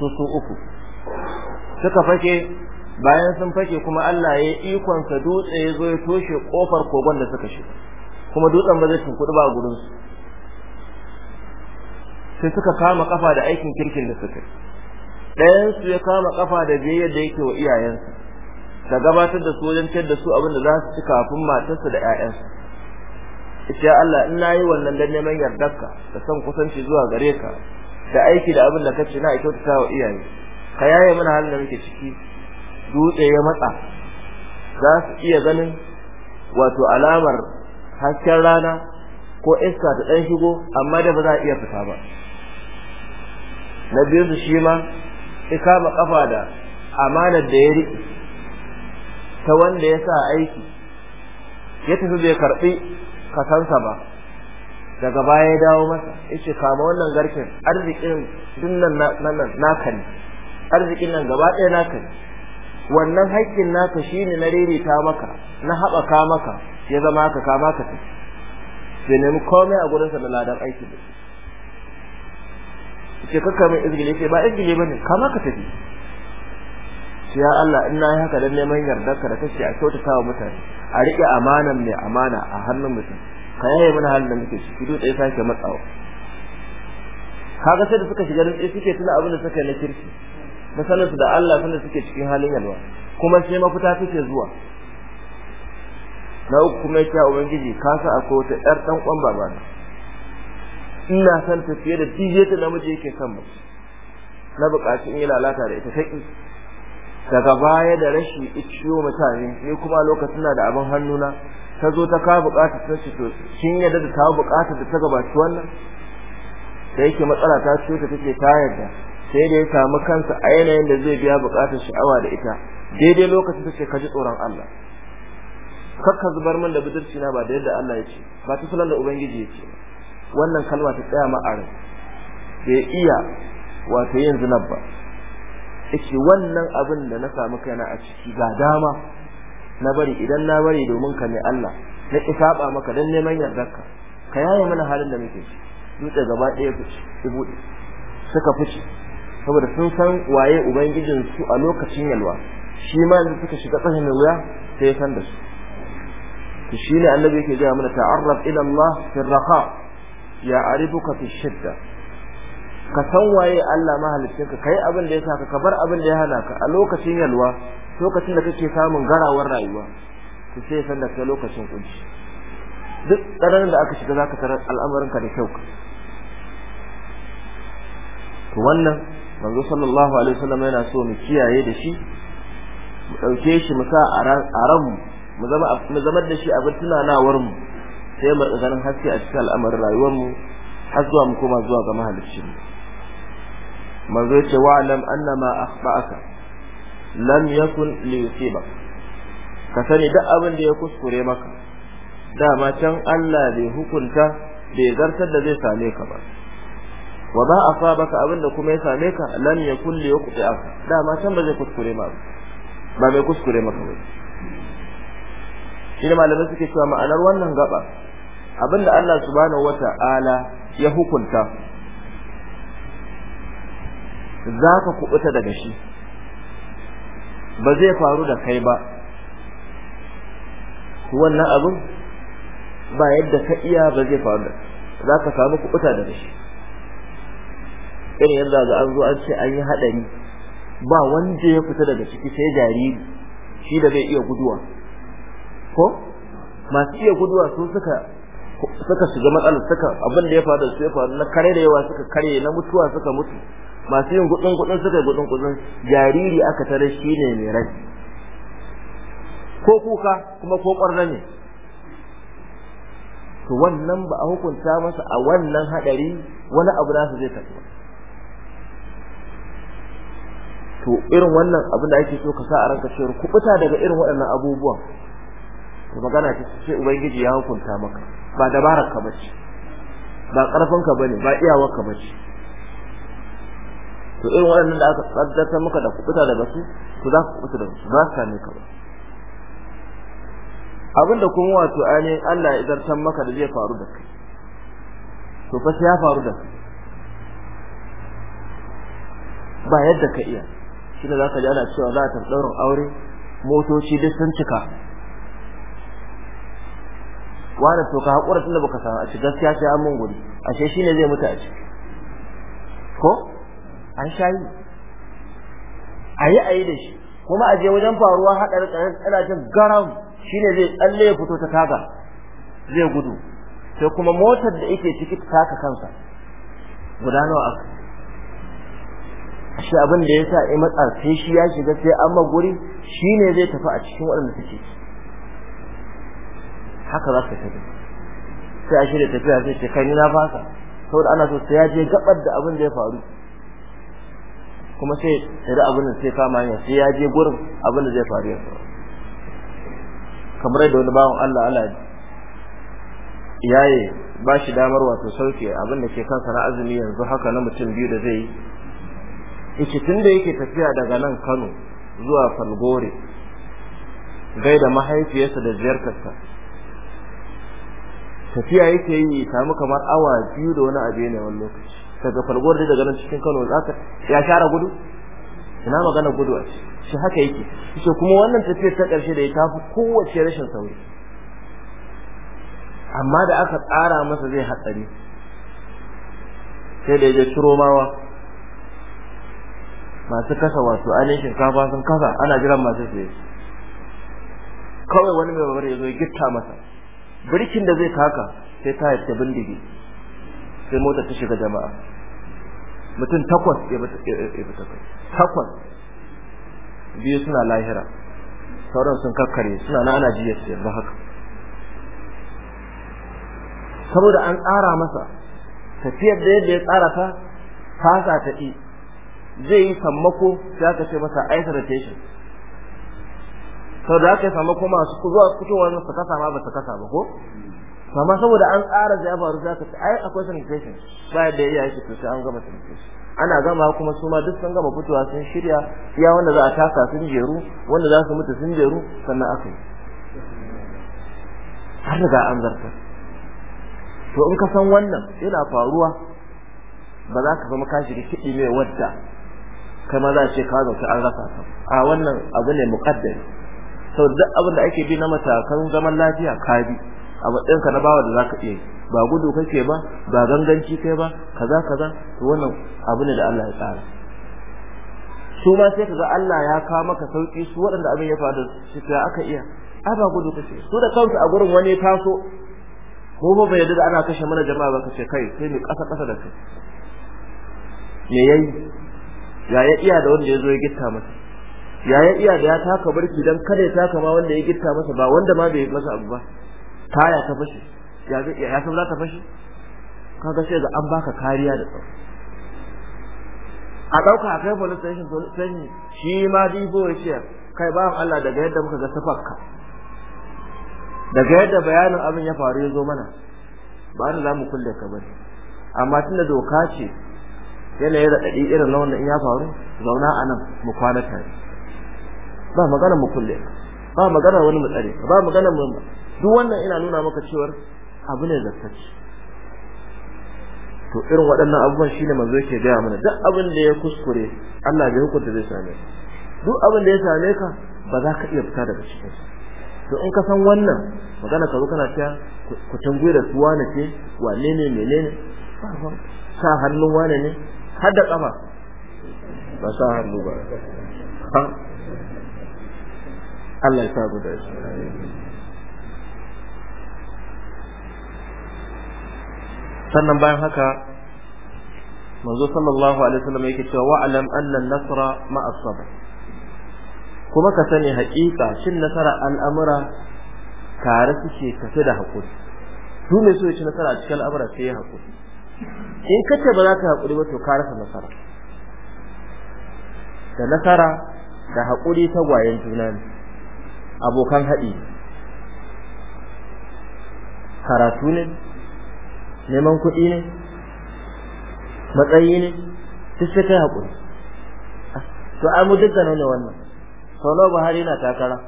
su su uku suka fake bayan sun fake kuma Allah ya ikon sa dutse ya zo ya toshe kofar kogon da suka shiga kuma dutsen ba zai tunkuɗu ba a gurin su sai suka kama kafa da aikin kirkin da suka yi ɗayansu ya kama kafa da biyayyar da yake wa iyayensu, ta gabatar da su wajen ciyar da su abin da za su ci kafin matarsa da 'ya'yansu ya Allah in nayi wannan dan neman yardarka da san kusanci zuwa gare ka da aiki da abin da kace na kyautata wa iyaye ka yaye mana halin da muke ciki dutse ya matsa za su iya ganin wato alamar hasken rana ko iska ta ɗan shigo amma da ba za a iya fita ba na biyu su shi ma ya kama kafa da amanar da ya riƙe ta wanda ya sa aiki ya tafi bai karɓi kasansa ba daga baya ya dawo masa ya ce kama wannan garken arzikin dinnan naka ne arzikin nan gaba ɗaya naka ne wannan haƙƙin naka shi ne na ririta maka na haɓaka maka ya zama ka kama ka tafi bai nemi komai a gurinsa da ladan aiki da shi ce kakka mai izgile ce ba izgile bane kama ka tafi ce ya Allah ina yi haka dan neman yardarka da kake a kyautata wa mutane a rike amanan mai amana a hannun mutum ka yaye mana halin da muke ciki duk tsaye sake matsawa kaga sai da suka shiga nan suke tuna abin da suka na kirki na su da Allah sun suke cikin halin yalwa kuma sai mafita take zuwa na uku kuma ya ce ubangiji ka sa akwai wata yar ɗan kwan babana ina son ta fiye da tije ta namiji yake son na buƙaci in yi lalata da ita sai daga baya da rashi ciwo mutane ni kuma lokacin na da abin hannuna ta zo ta ka buƙata ta ce to kin yadda da ta buƙata da ta gabaci wannan da yake matsala ta ciwo ta take ta yarda sai da ya samu kansa a yanayin da zai biya buƙatar sha'awa da ita daidai lokacin ta ce ka ji tsoron Allah kakka zubar min da budurci na ba da yadda Allah ya ce ba ta salon da ubangiji ya ce ba wannan kalma ta tsaya ma'arin iya wato yin zinab ba yace wannan abin da na samu kaina a ciki ga dama na bari idan na bari domin ka ne Allah na isaba maka dan neman yardarka ka yaye mana halin da muke ci. dutse gaba ɗaya fice ibuɗe suka fice saboda sun san waye ubangijin su a lokacin yalwa shi ma yanzu suka shiga tsahin wuya sai ya san da su to shine annabi yake gaya mana ta'arraf ila Allah fi Ya ka fi shidda ka san waye Allah mahaliccinka kai abin da ya saka ka bar abin da ya hana ka a lokacin yalwa lokacin da kake samun garawar rayuwa ku sai san da kai lokacin kunci duk karan da aka shiga zaka tarar al'amarinka da kyau to wannan manzo sallallahu alaihi wasallam yana so mu kiyaye da shi mu dauke shi mu sa a ran mu zama mu zama da shi abin tunanawar mu sai mu ganin haske a cikin al'amarin rayuwar mu har zuwa mu koma zuwa ga mahaliccin mu manzo yace wa'lam annama akhta'aka lam yakun li yusiba ka sani duk abin da ya kuskure maka dama can Allah bai hukunta bai zartar da zai same ka ba wa ma asabaka abin da kuma ya same ka lam yakun li yuqta'aka dama can ba zai kuskure maka ba mai kuskure maka ba shi ne malamai suke cewa ma'anar wannan gaba abinda Allah subhanahu wata'ala ya hukunta za ka kubuta daga shi ba zai faru da kai ba wannan abin ba yadda ka iya ba zai faru da za ka samu kubuta daga shi irin yadda ga an zo an ce an yi haɗari ba wanda ya fita daga ciki sai jariri shi da zai iya guduwa ko masu iya guduwa sun suka suka shiga matsalar suka abin da ya faru su ya faru na kare da yawa suka kare na mutuwa suka mutu masu yin gudun gudun suka yi gudun gudun jariri aka tare shi ne mai rai ko kuka kuma ko ƙwarna ne to wannan ba a hukunta masa a wannan hadari wani abu nasu zai tafi to irin wannan abin da ake so ka sa a ranka cewa kubuta daga irin waɗannan abubuwan to magana ce sai ubangiji ya hukunta maka ba dabarar ka bace ba karfin ka bane ba iyawar ka bace to irin waɗannan da aka tsaddata maka da kubuta daga su to za ku kubuta daga su ba ka ne ka Abin abinda kuma wato ainihin Allah ya zartan maka da zai faru da kai to fa sai ya faru da kai ba yadda ka iya shi da za ka ji ana cewa za a tafi aure motoci duk sun cika wani to ka haƙura tunda baka san a ci gaskiya sai an mun guri ashe shine zai mutu a ci ko an shayi ayi ayi da shi kuma aje wajen faruwa hadar tsana jin garam shine zai tsalle ya fito ta kaga zai gudu sai kuma motar da yake ciki ta taka kansa guda nawa shi abin da yasa ai matsar sai shi ya shiga sai an shi shine zai tafi a cikin waɗanda suke ciki haka za ka tafi sai a shirya tafiya sai ce kai ni na fasa saboda ana so sai ya je gabar da abin da ya faru kuma sai tsira abin da sai kama ya sai ya je gurin abin da zai faru ya faru kamar yadda wani bawan Allah Allah yayi ba shi damar wato sauke abin da ke kansa na azumi yanzu haka na mutum biyu da zai yi yace tun da yake tafiya daga nan Kano zuwa Falgore gaida mahaifiyarsa da ziyartarsa tafiya yake yi samu kamar awa biyu da wani abu ne wannan lokaci daga fargowar da daga nan cikin Kano zaka ya share gudu ina magana gudu a shi haka yake shi kuma wannan tafiyar ta karshe da ya tafi kowace rashin sauri amma da aka tsara masa zai hatsari sai da ya ciro mawa masu kasa wato yi shinkafa sun kasa ana jiran masu siye kawai wani mai babar ya zo ya gitta masa birkin da zai kaka sai ta yadda bindigi sai motar ta shiga jama'a mutum takwas ya fita kai takwas biyu suna lahira sauran sun kakkare suna na ana jiya su yanzu haka saboda an tsara masa tafiyar da yadda ya tsara ta fasa ta yi zai yi sammako ya aka masa ice rotation sau da aka samu kuma su zuwa fitowa na su kasa ma ba su kasa ba ko amma saboda an tsara zai faru za ka ai akwai sanitation ba da ya yi to sai an gama sanitation ana gama kuma su ma duk sun gama fitowa sun shirya iya wanda za a taka sun jeru wanda za su mutu sun jeru sannan aka yi har da an zarta to in ka san wannan yana faruwa ba za ka zama ka shiga kiɗi mai wadda kai ma za a ce ka zauta an rasa ka a wannan abu ne muƙaddari saboda da abin da ake bi na matakan zaman lafiya ka bi a matsayinka na bawa da zaka iya ba gudu kake ba ba ganganci kai ba kaza kaza to wannan abu ne da Allah ya tsara su ma sai kaga Allah ya kawo maka sauki su waɗanda abin ya faru shi ta aka iya a ba gudu kake su da kansu a gurin wani taso ko ba bai yadda ana kashe mana jama'a ba kace kai sai ne kasa kasa da kai me yayi ya ya iya da wanda ya zo ya gitta masa ya ya iya da ya taka barki dan kada ya taka ma wanda ya gitta masa ba wanda ma bai masa abu ba ta fashe ya ga ya san za ta fashe kaga sai ga an baka kariya da tsaro a dauka a kai police station police station shi ma dibo ya ce kai ba Allah daga yadda muka ga safarka daga yadda bayanin abin ya faru ya zo mana ba ni za mu kulle ka bari amma tunda doka ce yanayin raɗaɗi irin na wannan in ya faru zauna a nan mu kwana tare ba magana mu kulle ba magana wani mu tsare ba magana mu duk wannan ina nuna maka cewar abu ne zakkaci to irin waɗannan abubuwan shine manzo yake gaya mana duk abin da ya kuskure Allah bai hukunta zai same ka, duk abin da ya same ka ba za ka iya fita daga cikin shi to in ka san wannan magana ka zo kana cewa ku tanguye da suwa ne ce wane ne menene sa hannun wane ne har da kafa ba sa hannu ba Allah ya sa da shi sannan bayan haka manzo sallallahu alaihi wasallam yake cewa wa alam anna an-nasra ma'a sabr kuma ka sani hakika shin nasara al'amura tare suke tafi da hakuri su ne so ya ci nasara a cikin al'amura sai ya hakuri in kace ba za ka hakuri ba to ka rasa nasara da nasara da hakuri ta gwayen juna ne abokan haɗi karatu ne neman kuɗi ne matsayi ne duk sai kai haƙuri to ai mu duk ne wannan solo buhari na takara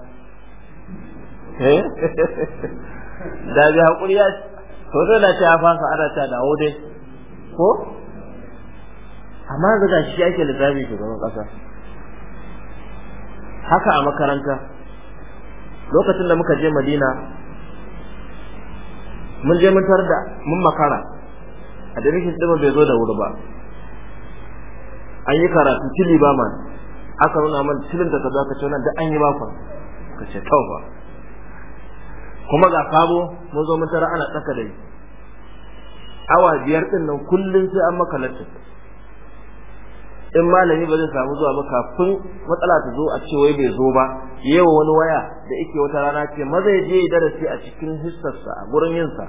eh? [LAUGHS] da bi haƙuri ya to zai na ta ka ana ta dawo dai ko amma ga shi ake lissafi shugaban ƙasa haka a makaranta lokacin da muka je madina mun je mun tarda mun makara a dirishin ɗin bai zo da wuri ba an yi karatu tili ba man aka nuna man tilin da kaza ka ce nan da an yi bakon ka ce tauba kuma ga sabo mun zo mun tara ana tsaka dai awa biyar din nan kullun sai an maka in malami ba zai samu zuwa ba kafin matsala ta zo a ce wai bai zo ba yau wani waya da yake wata rana ce maza ya je darasi a cikin hissarsa a gurin yinsa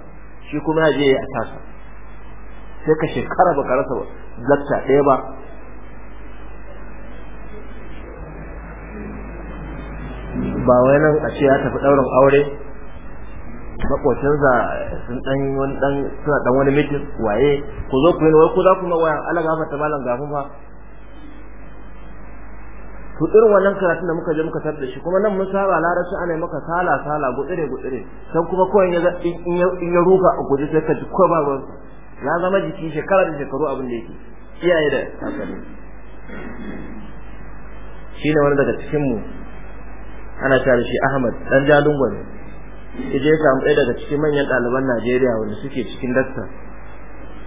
shi kuma ya je ya tasa sai ka shekara ba ka rasa lakta ɗaya ba ba wai nan a ce ya tafi ɗaurin aure makocinsa sun ɗan wani ɗan suna ɗan wani mijin waye ku zo ku yi wai ku za ku ma waya Allah malam gafin fa to irin wannan karatun da muka je muka tarda shi kuma nan mun saba larabci ana maka sala sala gudure gudure san kuma kowan ya in ya ruka a guje sai ka ji ko ba ruwan ya zama jiki shekara da shekaru abin da yake iyaye da kakanni ne wani daga cikin mu ana tare shi Ahmad dan Jalungo ne yaje ka mu ɗaya daga cikin manyan ɗaliban Najeriya wanda suke cikin dakta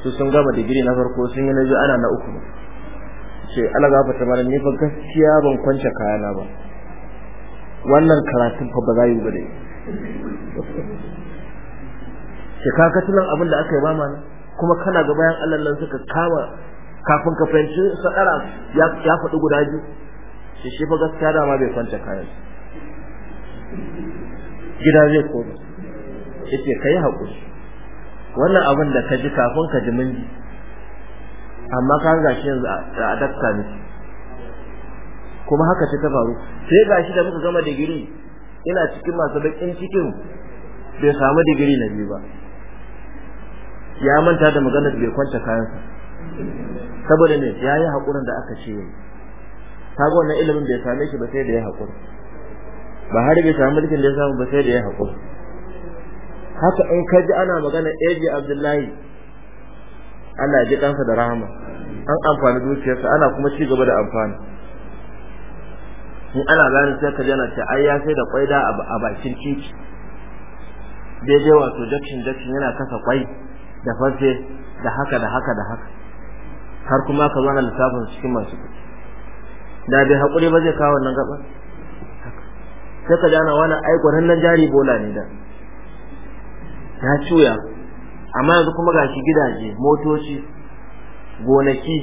su sun gama digiri na farko sun yi na biyu ana na uku ce ala gafarta malam ni ba gaskiya ban kwance kayana ba wannan karatun fa ba za yi ba ce ka ka tunan abin da aka yi ba mana kuma kana ga bayan Allah nan suka kama kafin ka fahimci sadara ya faɗi guda biyu shi shi fa gaskiya dama bai kwance kayan gida zai ko yace kai haƙuri wannan abin da ka ji kafin ka ji mun ji amma ka ga shi yanzu a dakka ne kuma haka ce ta faru sai ga shi da muka gama digiri ina cikin masu bakin cikin bai samu digiri na biyu ba ya manta da maganar bai kwanta kayansa saboda ne ya yi haƙurin da aka ce yau kaga wannan ilimin bai same shi ba sai da ya haƙura ba har bai samu mulkin da ya samu ba sai da ya haƙura haka in ka ji ana magana AJ Abdullahi Allah ya ji da rahama an amfani dukiyarsa ana kuma ci gaba da amfani in ana gane sai ka jana ta ai ya sai da kwai da a bakin titi daidai wato jakshin jakshin yana kasa kwai da farfe da haka da haka da haka har kuma ka zo na lissafin cikin masu kuɗi da bai haƙuri ba zai kawo wannan gaba sai ka jana wani ai nan jari bola ne da ya cuya amma yanzu kuma shi gidaje motoci gonaki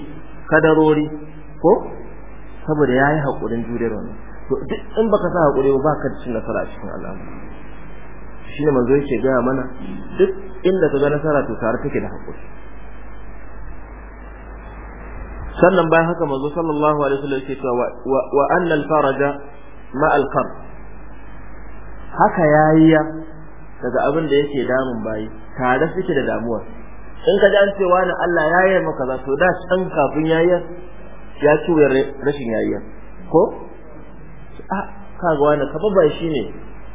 kadarori ko saboda yayi hakurin juriyar wannan to duk in baka sa hakuri ba ka cin nasara a cikin al'amari ne manzo yake ga mana duk inda ka ga nasara to tare take da hakuri sannan bayan haka manzo sallallahu alaihi wasallam yake cewa wa anna al-faraja ma al-qar haka yayi daga abin da yake damun bayi tare suke da damuwa in ka ji an ce wani Allah ya yi maka za to da can kafin ya yi ya ci rashin ya yi ko a kaga wani kafa ba shi ne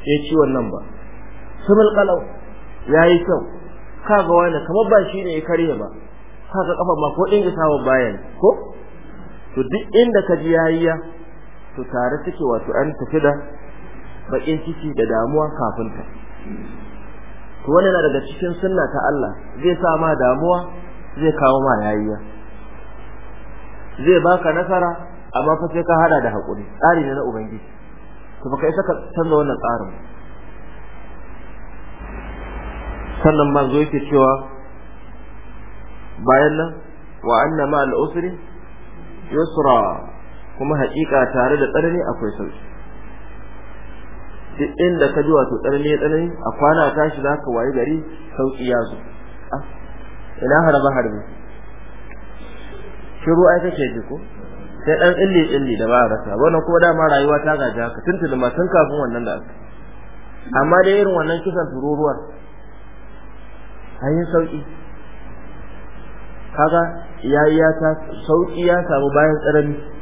ya ci wannan ba sumul kalau ya yi kyau kaga wani kafa ba shi ne ya karya ba kaga kafa ma ko din isa bayan ko to duk inda ka ji yayiya to tare suke wato an tafi da bakin ciki da damuwa kafin ta to wannan na daga cikin sunna ta Allah zai sa ma damuwa zai kawo ma yayiya zai baka nasara amma fa sai ka hada da hakuri tsari ne na ubangiji to baka isa ka canza wannan tsarin sannan zo yake cewa bayan nan wa anna ma al-usri yusra kuma haƙiƙa tare da tsari akwai sauki duk inda ka ji wato tsarni tsanani a kwana tashi za ka waye gari sauki ya zo ina harba harbi shiru ai kake ji ko sai dan illi illi da ba rasa wannan kuma dama rayuwa ta gaja ka tuntuni ma tun kafin wannan da aka amma da irin wannan kisan tururuwar hanyar sauki kaga yayi ya ta sauki ya samu bayan tsarni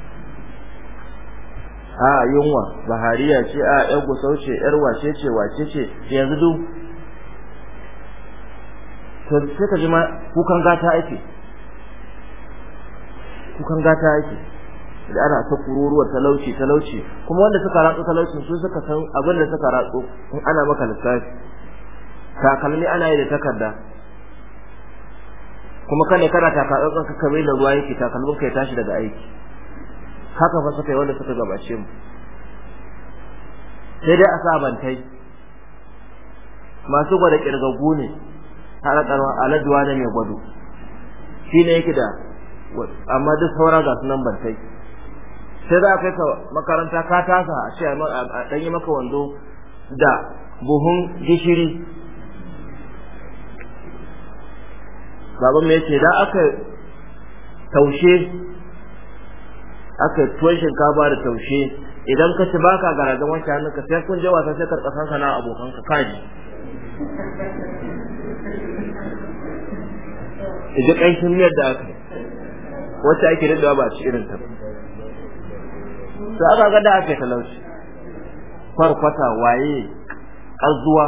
a yunwa bahariya ce a yar gusau ce yar wace ce wace ce yanzu duk to sai ka ji ma kukan gata ake kukan gata ake da ana ta kururuwar talauci talauci kuma wanda suka ratso talauci su suka san abin da suka ratso in ana maka lissafi takalmi ana yi da takarda kuma kane kana takatsantsan ka da ruwa yake takalmin ka ya tashi daga aiki haka fa suka yi wanda suka gabace mu sai dai a sabantai masu gwada kirgagu ne har karwa aladuwa ne mai gwado shi ne yake da amma duk saura ga sunan bantai sai za a kai ka makaranta ka tasa a ce a yi maka wando da buhun gishiri baban mai ce da aka taushe aka yi tuwon shinkafa da taushe idan ka ci baka garagan wanke hannunka sai kun je wasa sai karɓa sanka na ka, kaji kai ƙanshin miyar da aka wacce ake daɗewa ba a ci irin ta to aka ga da aka yi talauci Farfata, waye azuwa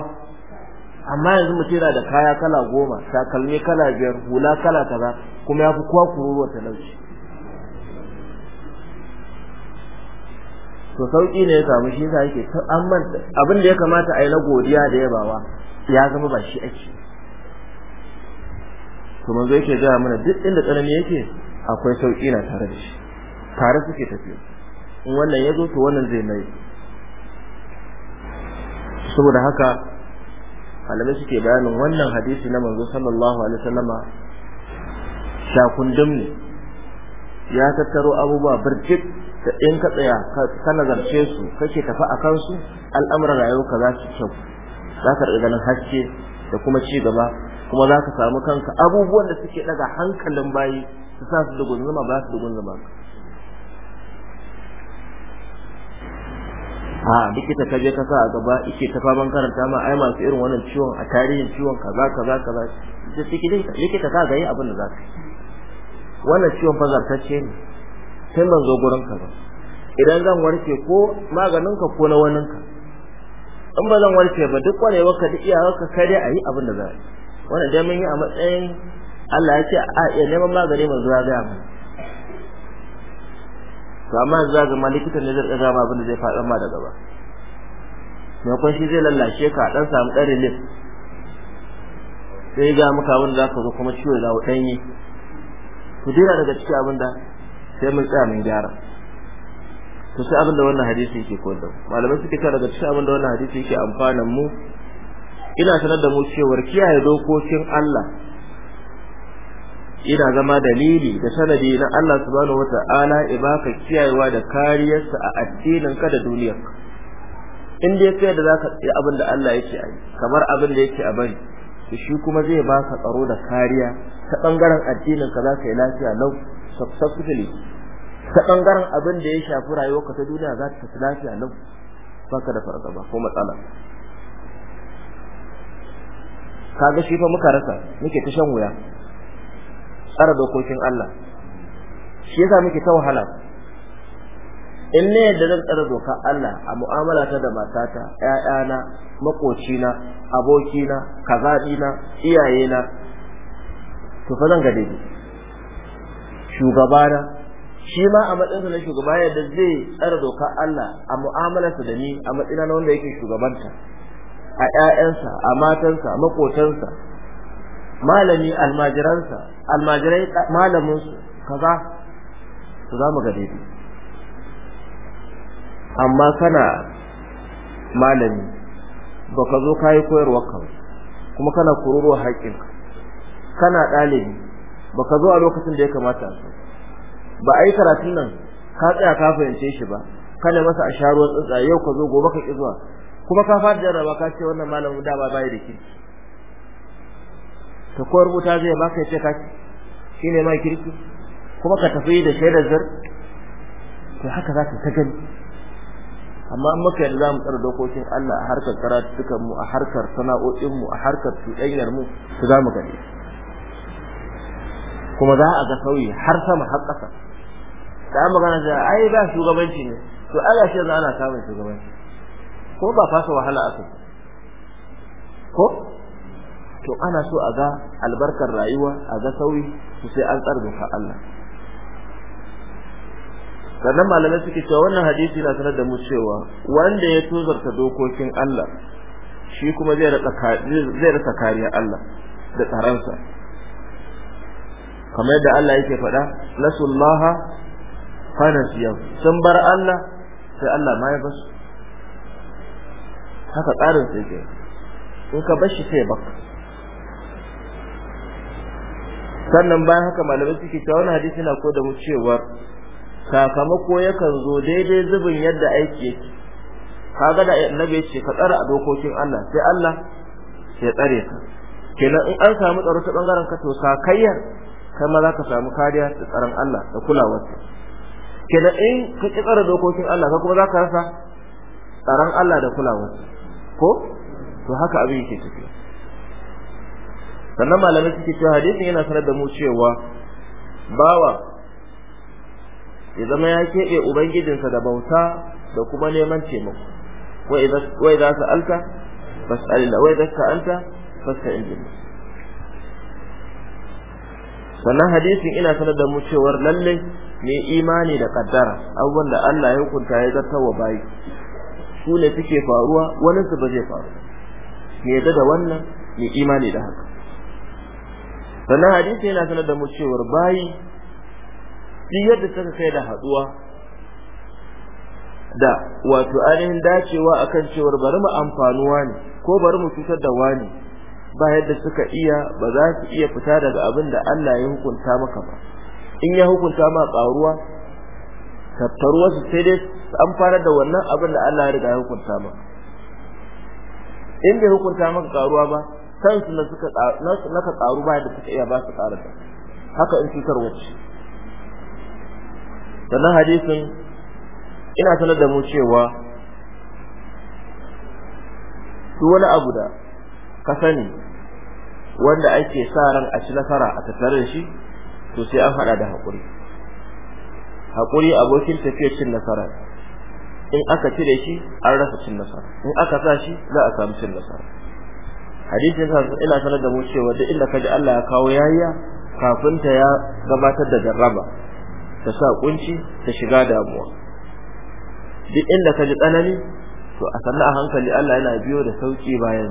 amma yanzu mu tira da kaya kala goma takalmi kala biyar hula kala kaza kuma ya fi kowa kururuwa talauci to sauki ne ya samu shi yasa yake an manta abin da ya kamata a yi na godiya da yabawa ya zama ba shi ake to manzo yake gaya mana duk inda tsanani yake akwai sauki na tare da shi tare suke tafiya in wannan ya zo to wannan zai mai saboda haka malamai suke bayanin wannan hadisi na manzo sallallahu alaihi wasallama shakundum ne ya tattaro abubuwa birjik in ka tsaya ka nazarce su kake tafi a kansu al'amuran rayuwarka za su kyau za ka riga ganin haske da kuma ci gaba kuma za ka samu kanka abubuwan da suke daga hankalin bayi su sa su dugun zama ba su dugun zama a likita ka je ka sa a gaba ike ta faman karanta ma ai masu irin wannan ciwon a tarihin ciwon kaza kaza kaza da likita ka ga yi abin da za ka wannan ciwon fa zartacce ne sai man zo gurin ka ba idan zan warke ko maganin ka ko na ka in ba zan warke ba duk wani ka duk iyawar ka kare a yi abin da za a yi wannan dai mun yi a matsayin Allah ya ce a iya neman magani ban zuwa gaya mu to amma za ga likitan ne zai ga abin da zai faɗa ma da gaba maimakon shi zai lallashe ka dan samu ɗan relief sai ga muka abin da zaka zo kuma ciwo da ɗanyi ku dira daga cikin abin da sai mun tsaya mun gyara to sai abin da wannan hadisi yake koyar da malamai suke cewa daga cikin abin da wannan hadisi yake amfana mu ina sanar da mu cewar kiyaye dokokin Allah ina zama dalili da sanadi na Allah subhanahu wata'ala baka kiyayewa da kariyarsa a addinin ka da ka in dai kai da zaka yi abin da Allah yake a kamar abin da yake a bari shi kuma zai baka tsaro da kariya ta bangaren addinin ka zaka yi lafiya lau successfully ta bangaren abin da ya shafi rayuwarka ta duniya za ta tafi lafiya nan baka da fargaba ko matsala kaga shi fa muka rasa muke ta shan wuya tsara dokokin Allah shi yasa muke ta wahala in ne yadda zan tsara doka Allah a mu'amala ta da matata ƴaƴana makocina abokina iyaye iyayena to fa zan ga daidai shugabana shi ma a matsayin na shugaba yadda zai tsara doka Allah a mu'amalarsa da ni a matsayin na wanda yake shugabanta a ƴaƴansa a matansa makotansa malami almajiransa almajirai malamin su kaza su za mu ga daidai amma kana malami baka zo kayi koyarwa kan kuma kana kururuwa haƙƙinka kana ɗalibi baka zo a lokacin da ya kamata ba a yi karatun nan ka tsaya ka fahimce shi ba kana masa a sharo tsatsa yau ka zo gobe ka ki zuwa kuma ka fara jarraba ka ce wannan malamin da ba bai da kirki ta ko rubuta zai baka ce ka shine mai kirki kuma ka tafi da shaidar zar to haka za ta gani amma an maka yadda za mu tsara dokokin Allah a harkar karatu dukanmu a harkar sana'o'inmu a harkar cuɗanyar mu su za mu gani kuma za a ga sauyi har sama har ƙasa da an magana da ai ba shugabanci ne to ai shi yanzu ana samun shugabanci ko ba fasa wahala aka ko to ana so a ga albarkar rayuwa a ga sauyi su sai an tsara doka Allah sannan malamai suke cewa wannan hadisi na sanar da mu cewa wanda ya tozarta dokokin Allah shi kuma zai rasa kariyar Allah da tsaransa kamar yadda Allah yake faɗa nasullaha fanasiyam sun bar Allah sai Allah ma ya basu haka tsarin sai ke in ka bar shi sai baka sannan bayan haka malamai suke cewa wani hadisi na ko da mu cewar sakamako yakan zo daidai zubin yadda aiki yake kaga da annabi ya ce ka tsara a dokokin Allah sai Allah ya tsare ka kenan in an samu tsaro ta bangaren ka to sakayyar kai ma za ka samu kariya da tsaron Allah da kulawarsa kenan in ka ƙi tsara dokokin Allah ka kuma za ka rasa tsaron Allah da kulawarsa ko to haka abin yake tafi sannan malamai suke cewa hadisin yana sanar da mu cewa bawa ya zama ya keɓe ubangijinsa da bauta da kuma neman taimako wai za su alta fas'alillah wai za su anta fas'alillah sannan hadisin ina sanar da mu cewar lalle ne imani da kaddara abubuwan da Allah ya hukunta ya zartar wa bayi su ne suke faruwa wani su ba zai faru me yadda da wannan ne imani da haka sannan hadisi yana sanar da mu cewar bayi shi yadda suka kai da haduwa da wato ainihin dacewa akan cewar bari mu amfanuwa ne ko bari mu cutar da wani ba yadda suka iya ba za su iya fita daga abin da Allah ya hukunta maka ba in ya hukunta ma karuwa tattaruwa su sai dai an fara da wannan abin da Allah ya riga ya hukunta maka in bai hukunta maka karuwa ba kansu na suka na ka karu ba da suka iya ba su ba haka in cutar wacce sannan hadisin ina sanar da mu cewa duk wani abu da ka sani wanda ake sa ran a ci nasara a tattare da shi to sai an hada da hakuri hakuri abokin tafiyar cin nasara in aka cire shi an rasa cin nasara in aka sa shi za a samu cin nasara hadisin sa ina sanar da mu cewa duk inda kaji Allah ya kawo yayya kafin ta ya gabatar da jarraba ta sa kunci ta shiga damuwa duk inda kaji tsanani to a sannan a hankali Allah yana biyo da sauki bayan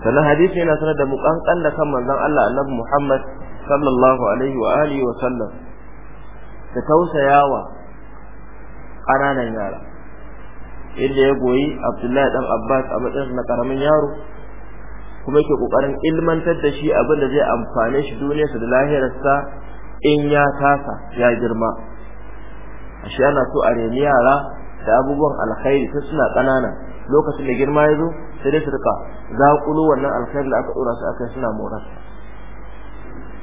sannan hadisi yana sanar da mu kankan da kan manzon Allah annabi Muhammad sallallahu alaihi wa alihi wa sallam da tausayawa ƙananan yara inda ya goyi Abdullahi dan Abbas a matsayin na karamin yaro kuma yake kokarin ilmantar da shi abin da zai amfane shi duniya da lahirarsa in ya tasa ya girma ashe ana so a reni yara da abubuwan alkhairi ta suna ƙanana lokacin da girma ya zo sai dai su rika zaƙulo wannan alkhairin da aka ɗora su akai suna mora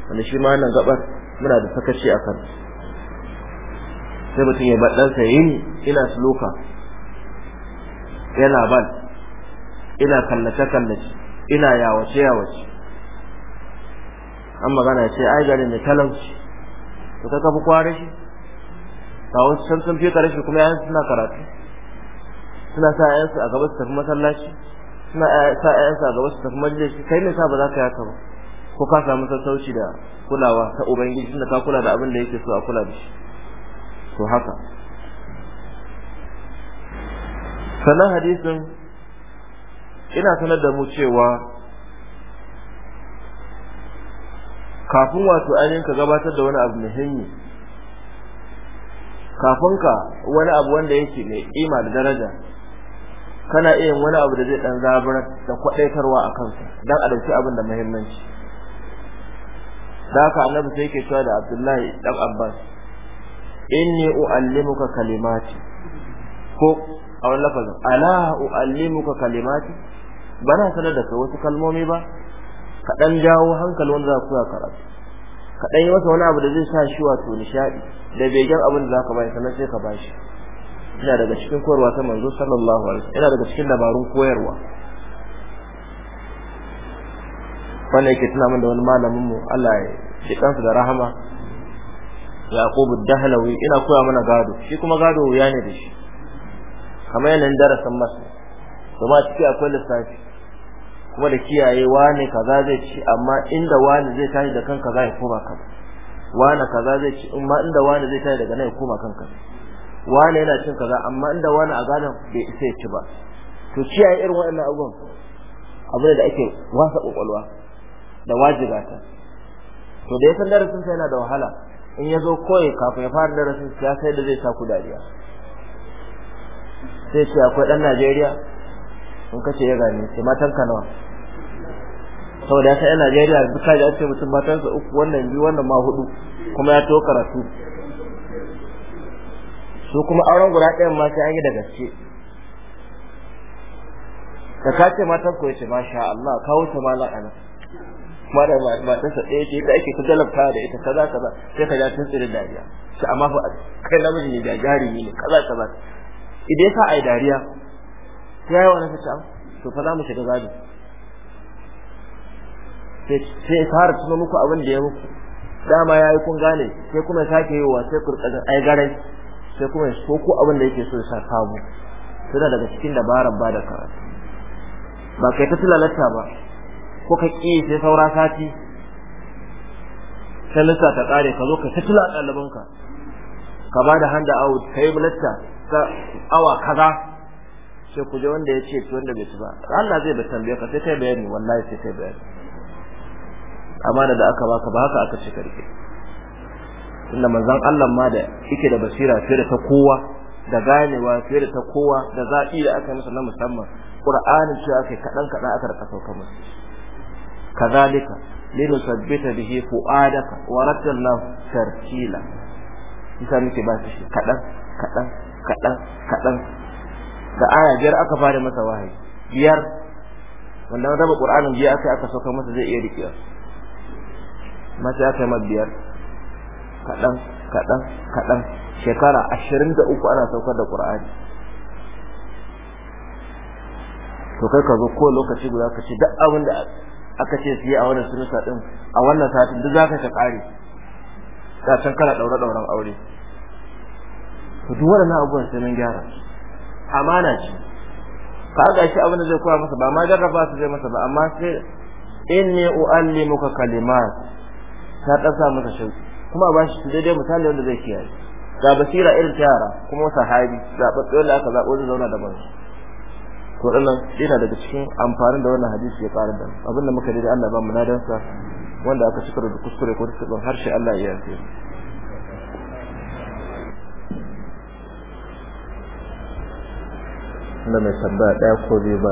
wanda shi ma wannan gabar muna da sakaci a kan sai mutum ya bar ɗansa yin ina sloka yana ban ina kallace-kallace ina yawace-yawace an magana ya ce ai gani mai talauci to ka kafi kware shi ba wasu can sun fiye kare shi kuma yayin suna karatu suna sa ayansu a gaba su tafi masallaci suna eh, sa ayansu a gaba su tafi majalisi kai ne sa ba za ka yaka ba ko ka samu sassauci da kulawa ta ubangiji tunda ka kula da abin da yake so a kula da shi to haka sannan hadisin ina sanar da mu cewa kafin wato ainihin ka gabatar da wani abu muhimmi kafin ka wani abu wanda yake mai kima da daraja kana iya wani abu da zai dan zabar da kwadaitarwa a kansa dan a dauki abin da muhimmanci haka annabi sai yake cewa da Abdullahi dan Abbas inni uallimuka kalimati ko a wannan lafazin ala uallimuka kalimati bana sanar da kai wasu kalmomi ba ka dan jawo hankali wanda za ku karatu ka dan yi masa wani abu da zai sa shi wato nishadi da begen abin da zaka bai sanar sai ka bashi yana daga cikin koyarwa ta manzo sallallahu alaihi wasallam yana daga cikin dabarun koyarwa wannan yake tuna min da wani malamin mu Allah ya ji kansa da rahama ad Dahlawi ina koya mana gado shi kuma gado wuya ne da shi kamar yana darasin masa kuma ciki akwai lissafi kuma da kiyaye wane kaza zai ci amma inda wane zai tashi da kanka za ya koma kanka wane kaza zai ci amma inda wane zai tashi daga nan ya koma kanka wani yana cin kaza amma inda wani a ganin bai isa ya ci ba to kiyaye irin waɗannan abubuwan abu da ake wasa kwakwalwa da wajiba ta to da ya san darasin sa yana da wahala in ya zo koyi kafin ya fara darasin ya sai da zai sa ku dariya sai ce akwai ɗan Najeriya in kace ya gane sai matan ka nawa saboda ya san 'yan Najeriya duka da ake mutum matansa uku wannan biyu wannan ma hudu kuma ya to karatu su kuma auren guda ɗayan ma sai an yi da gaske ka kace matan ko yace masha Allah kawo ta malan ana kuma da matan sa ɗaya ce ta ake ta talabta da ita kaza kaza sai ka ja tsirin dariya sai amma fa kai namiji ne jari ne kaza kaza idan sa ai dariya ya yi wani fita to fa za mu shiga zabi sai har tuna muku abin da ya muku dama ya yi kun gane sai kuma sake yi wa sai kurkazin ai garai sai kuma ya ko abin da yake so ya sa sabo suna daga cikin dabaran ba da karatu ba kai ta tilalata ba ko ka ƙi sai saura sati sai lissa ta kare ka zo ka ta tila ɗalibanka ka ba da handa au kai bulatta ka awa kaza sai ku je wanda ya ce wanda bai ci ba Allah zai ba tambaye ka sai kai bayani wallahi sai kai bayani amana da aka baka ba haka aka ce karfe tunda manzon Allah ma da yake da basira fiye da ta kowa da ganewa fiye da ta kowa da zaɓi da aka masa na musamman Qur'ani shi aka kaɗan kaɗan aka rika sauka masa kazalika sabbita bihi fu'adaka wa rattalna tartila idan muke ba shi kaɗan kaɗan kaɗan kaɗan da aya biyar aka fara masa wahayi biyar wanda da Qur'anin biyar aka aka sauka masa zai iya riƙewa mace aka yi biyar kaɗan kaɗan kaɗan shekara ashirin da uku ana saukar da ƙur'ani to kai ka zo ko lokaci guda ka ce duk abin da aka ce su yi a wannan sunusa ɗin a wannan satin duk za ka ta ka san kana ɗaure-ɗauren aure to duk wannan abubuwan sai mun gyara amana ce ka ga shi abin da zai koya masa ba ma jarraba su zai masa ba amma sai inni uallimuka kalimat ta ɗasa masa shauki kuma a bashi su daidai misali wanda zai kiyaye ga basira irin ta yara kuma sahabi zaɓaɓɓe wanda aka zaɓo zai zauna daban to ɗanan yana daga cikin amfanin da wannan hadisi ya ƙara da abin da muka daidai Allah ba mu nadansa wanda aka cika da kuskure ko tsibin harshe Allah ya yi Allah mai tambaya ɗaya ko biyu ba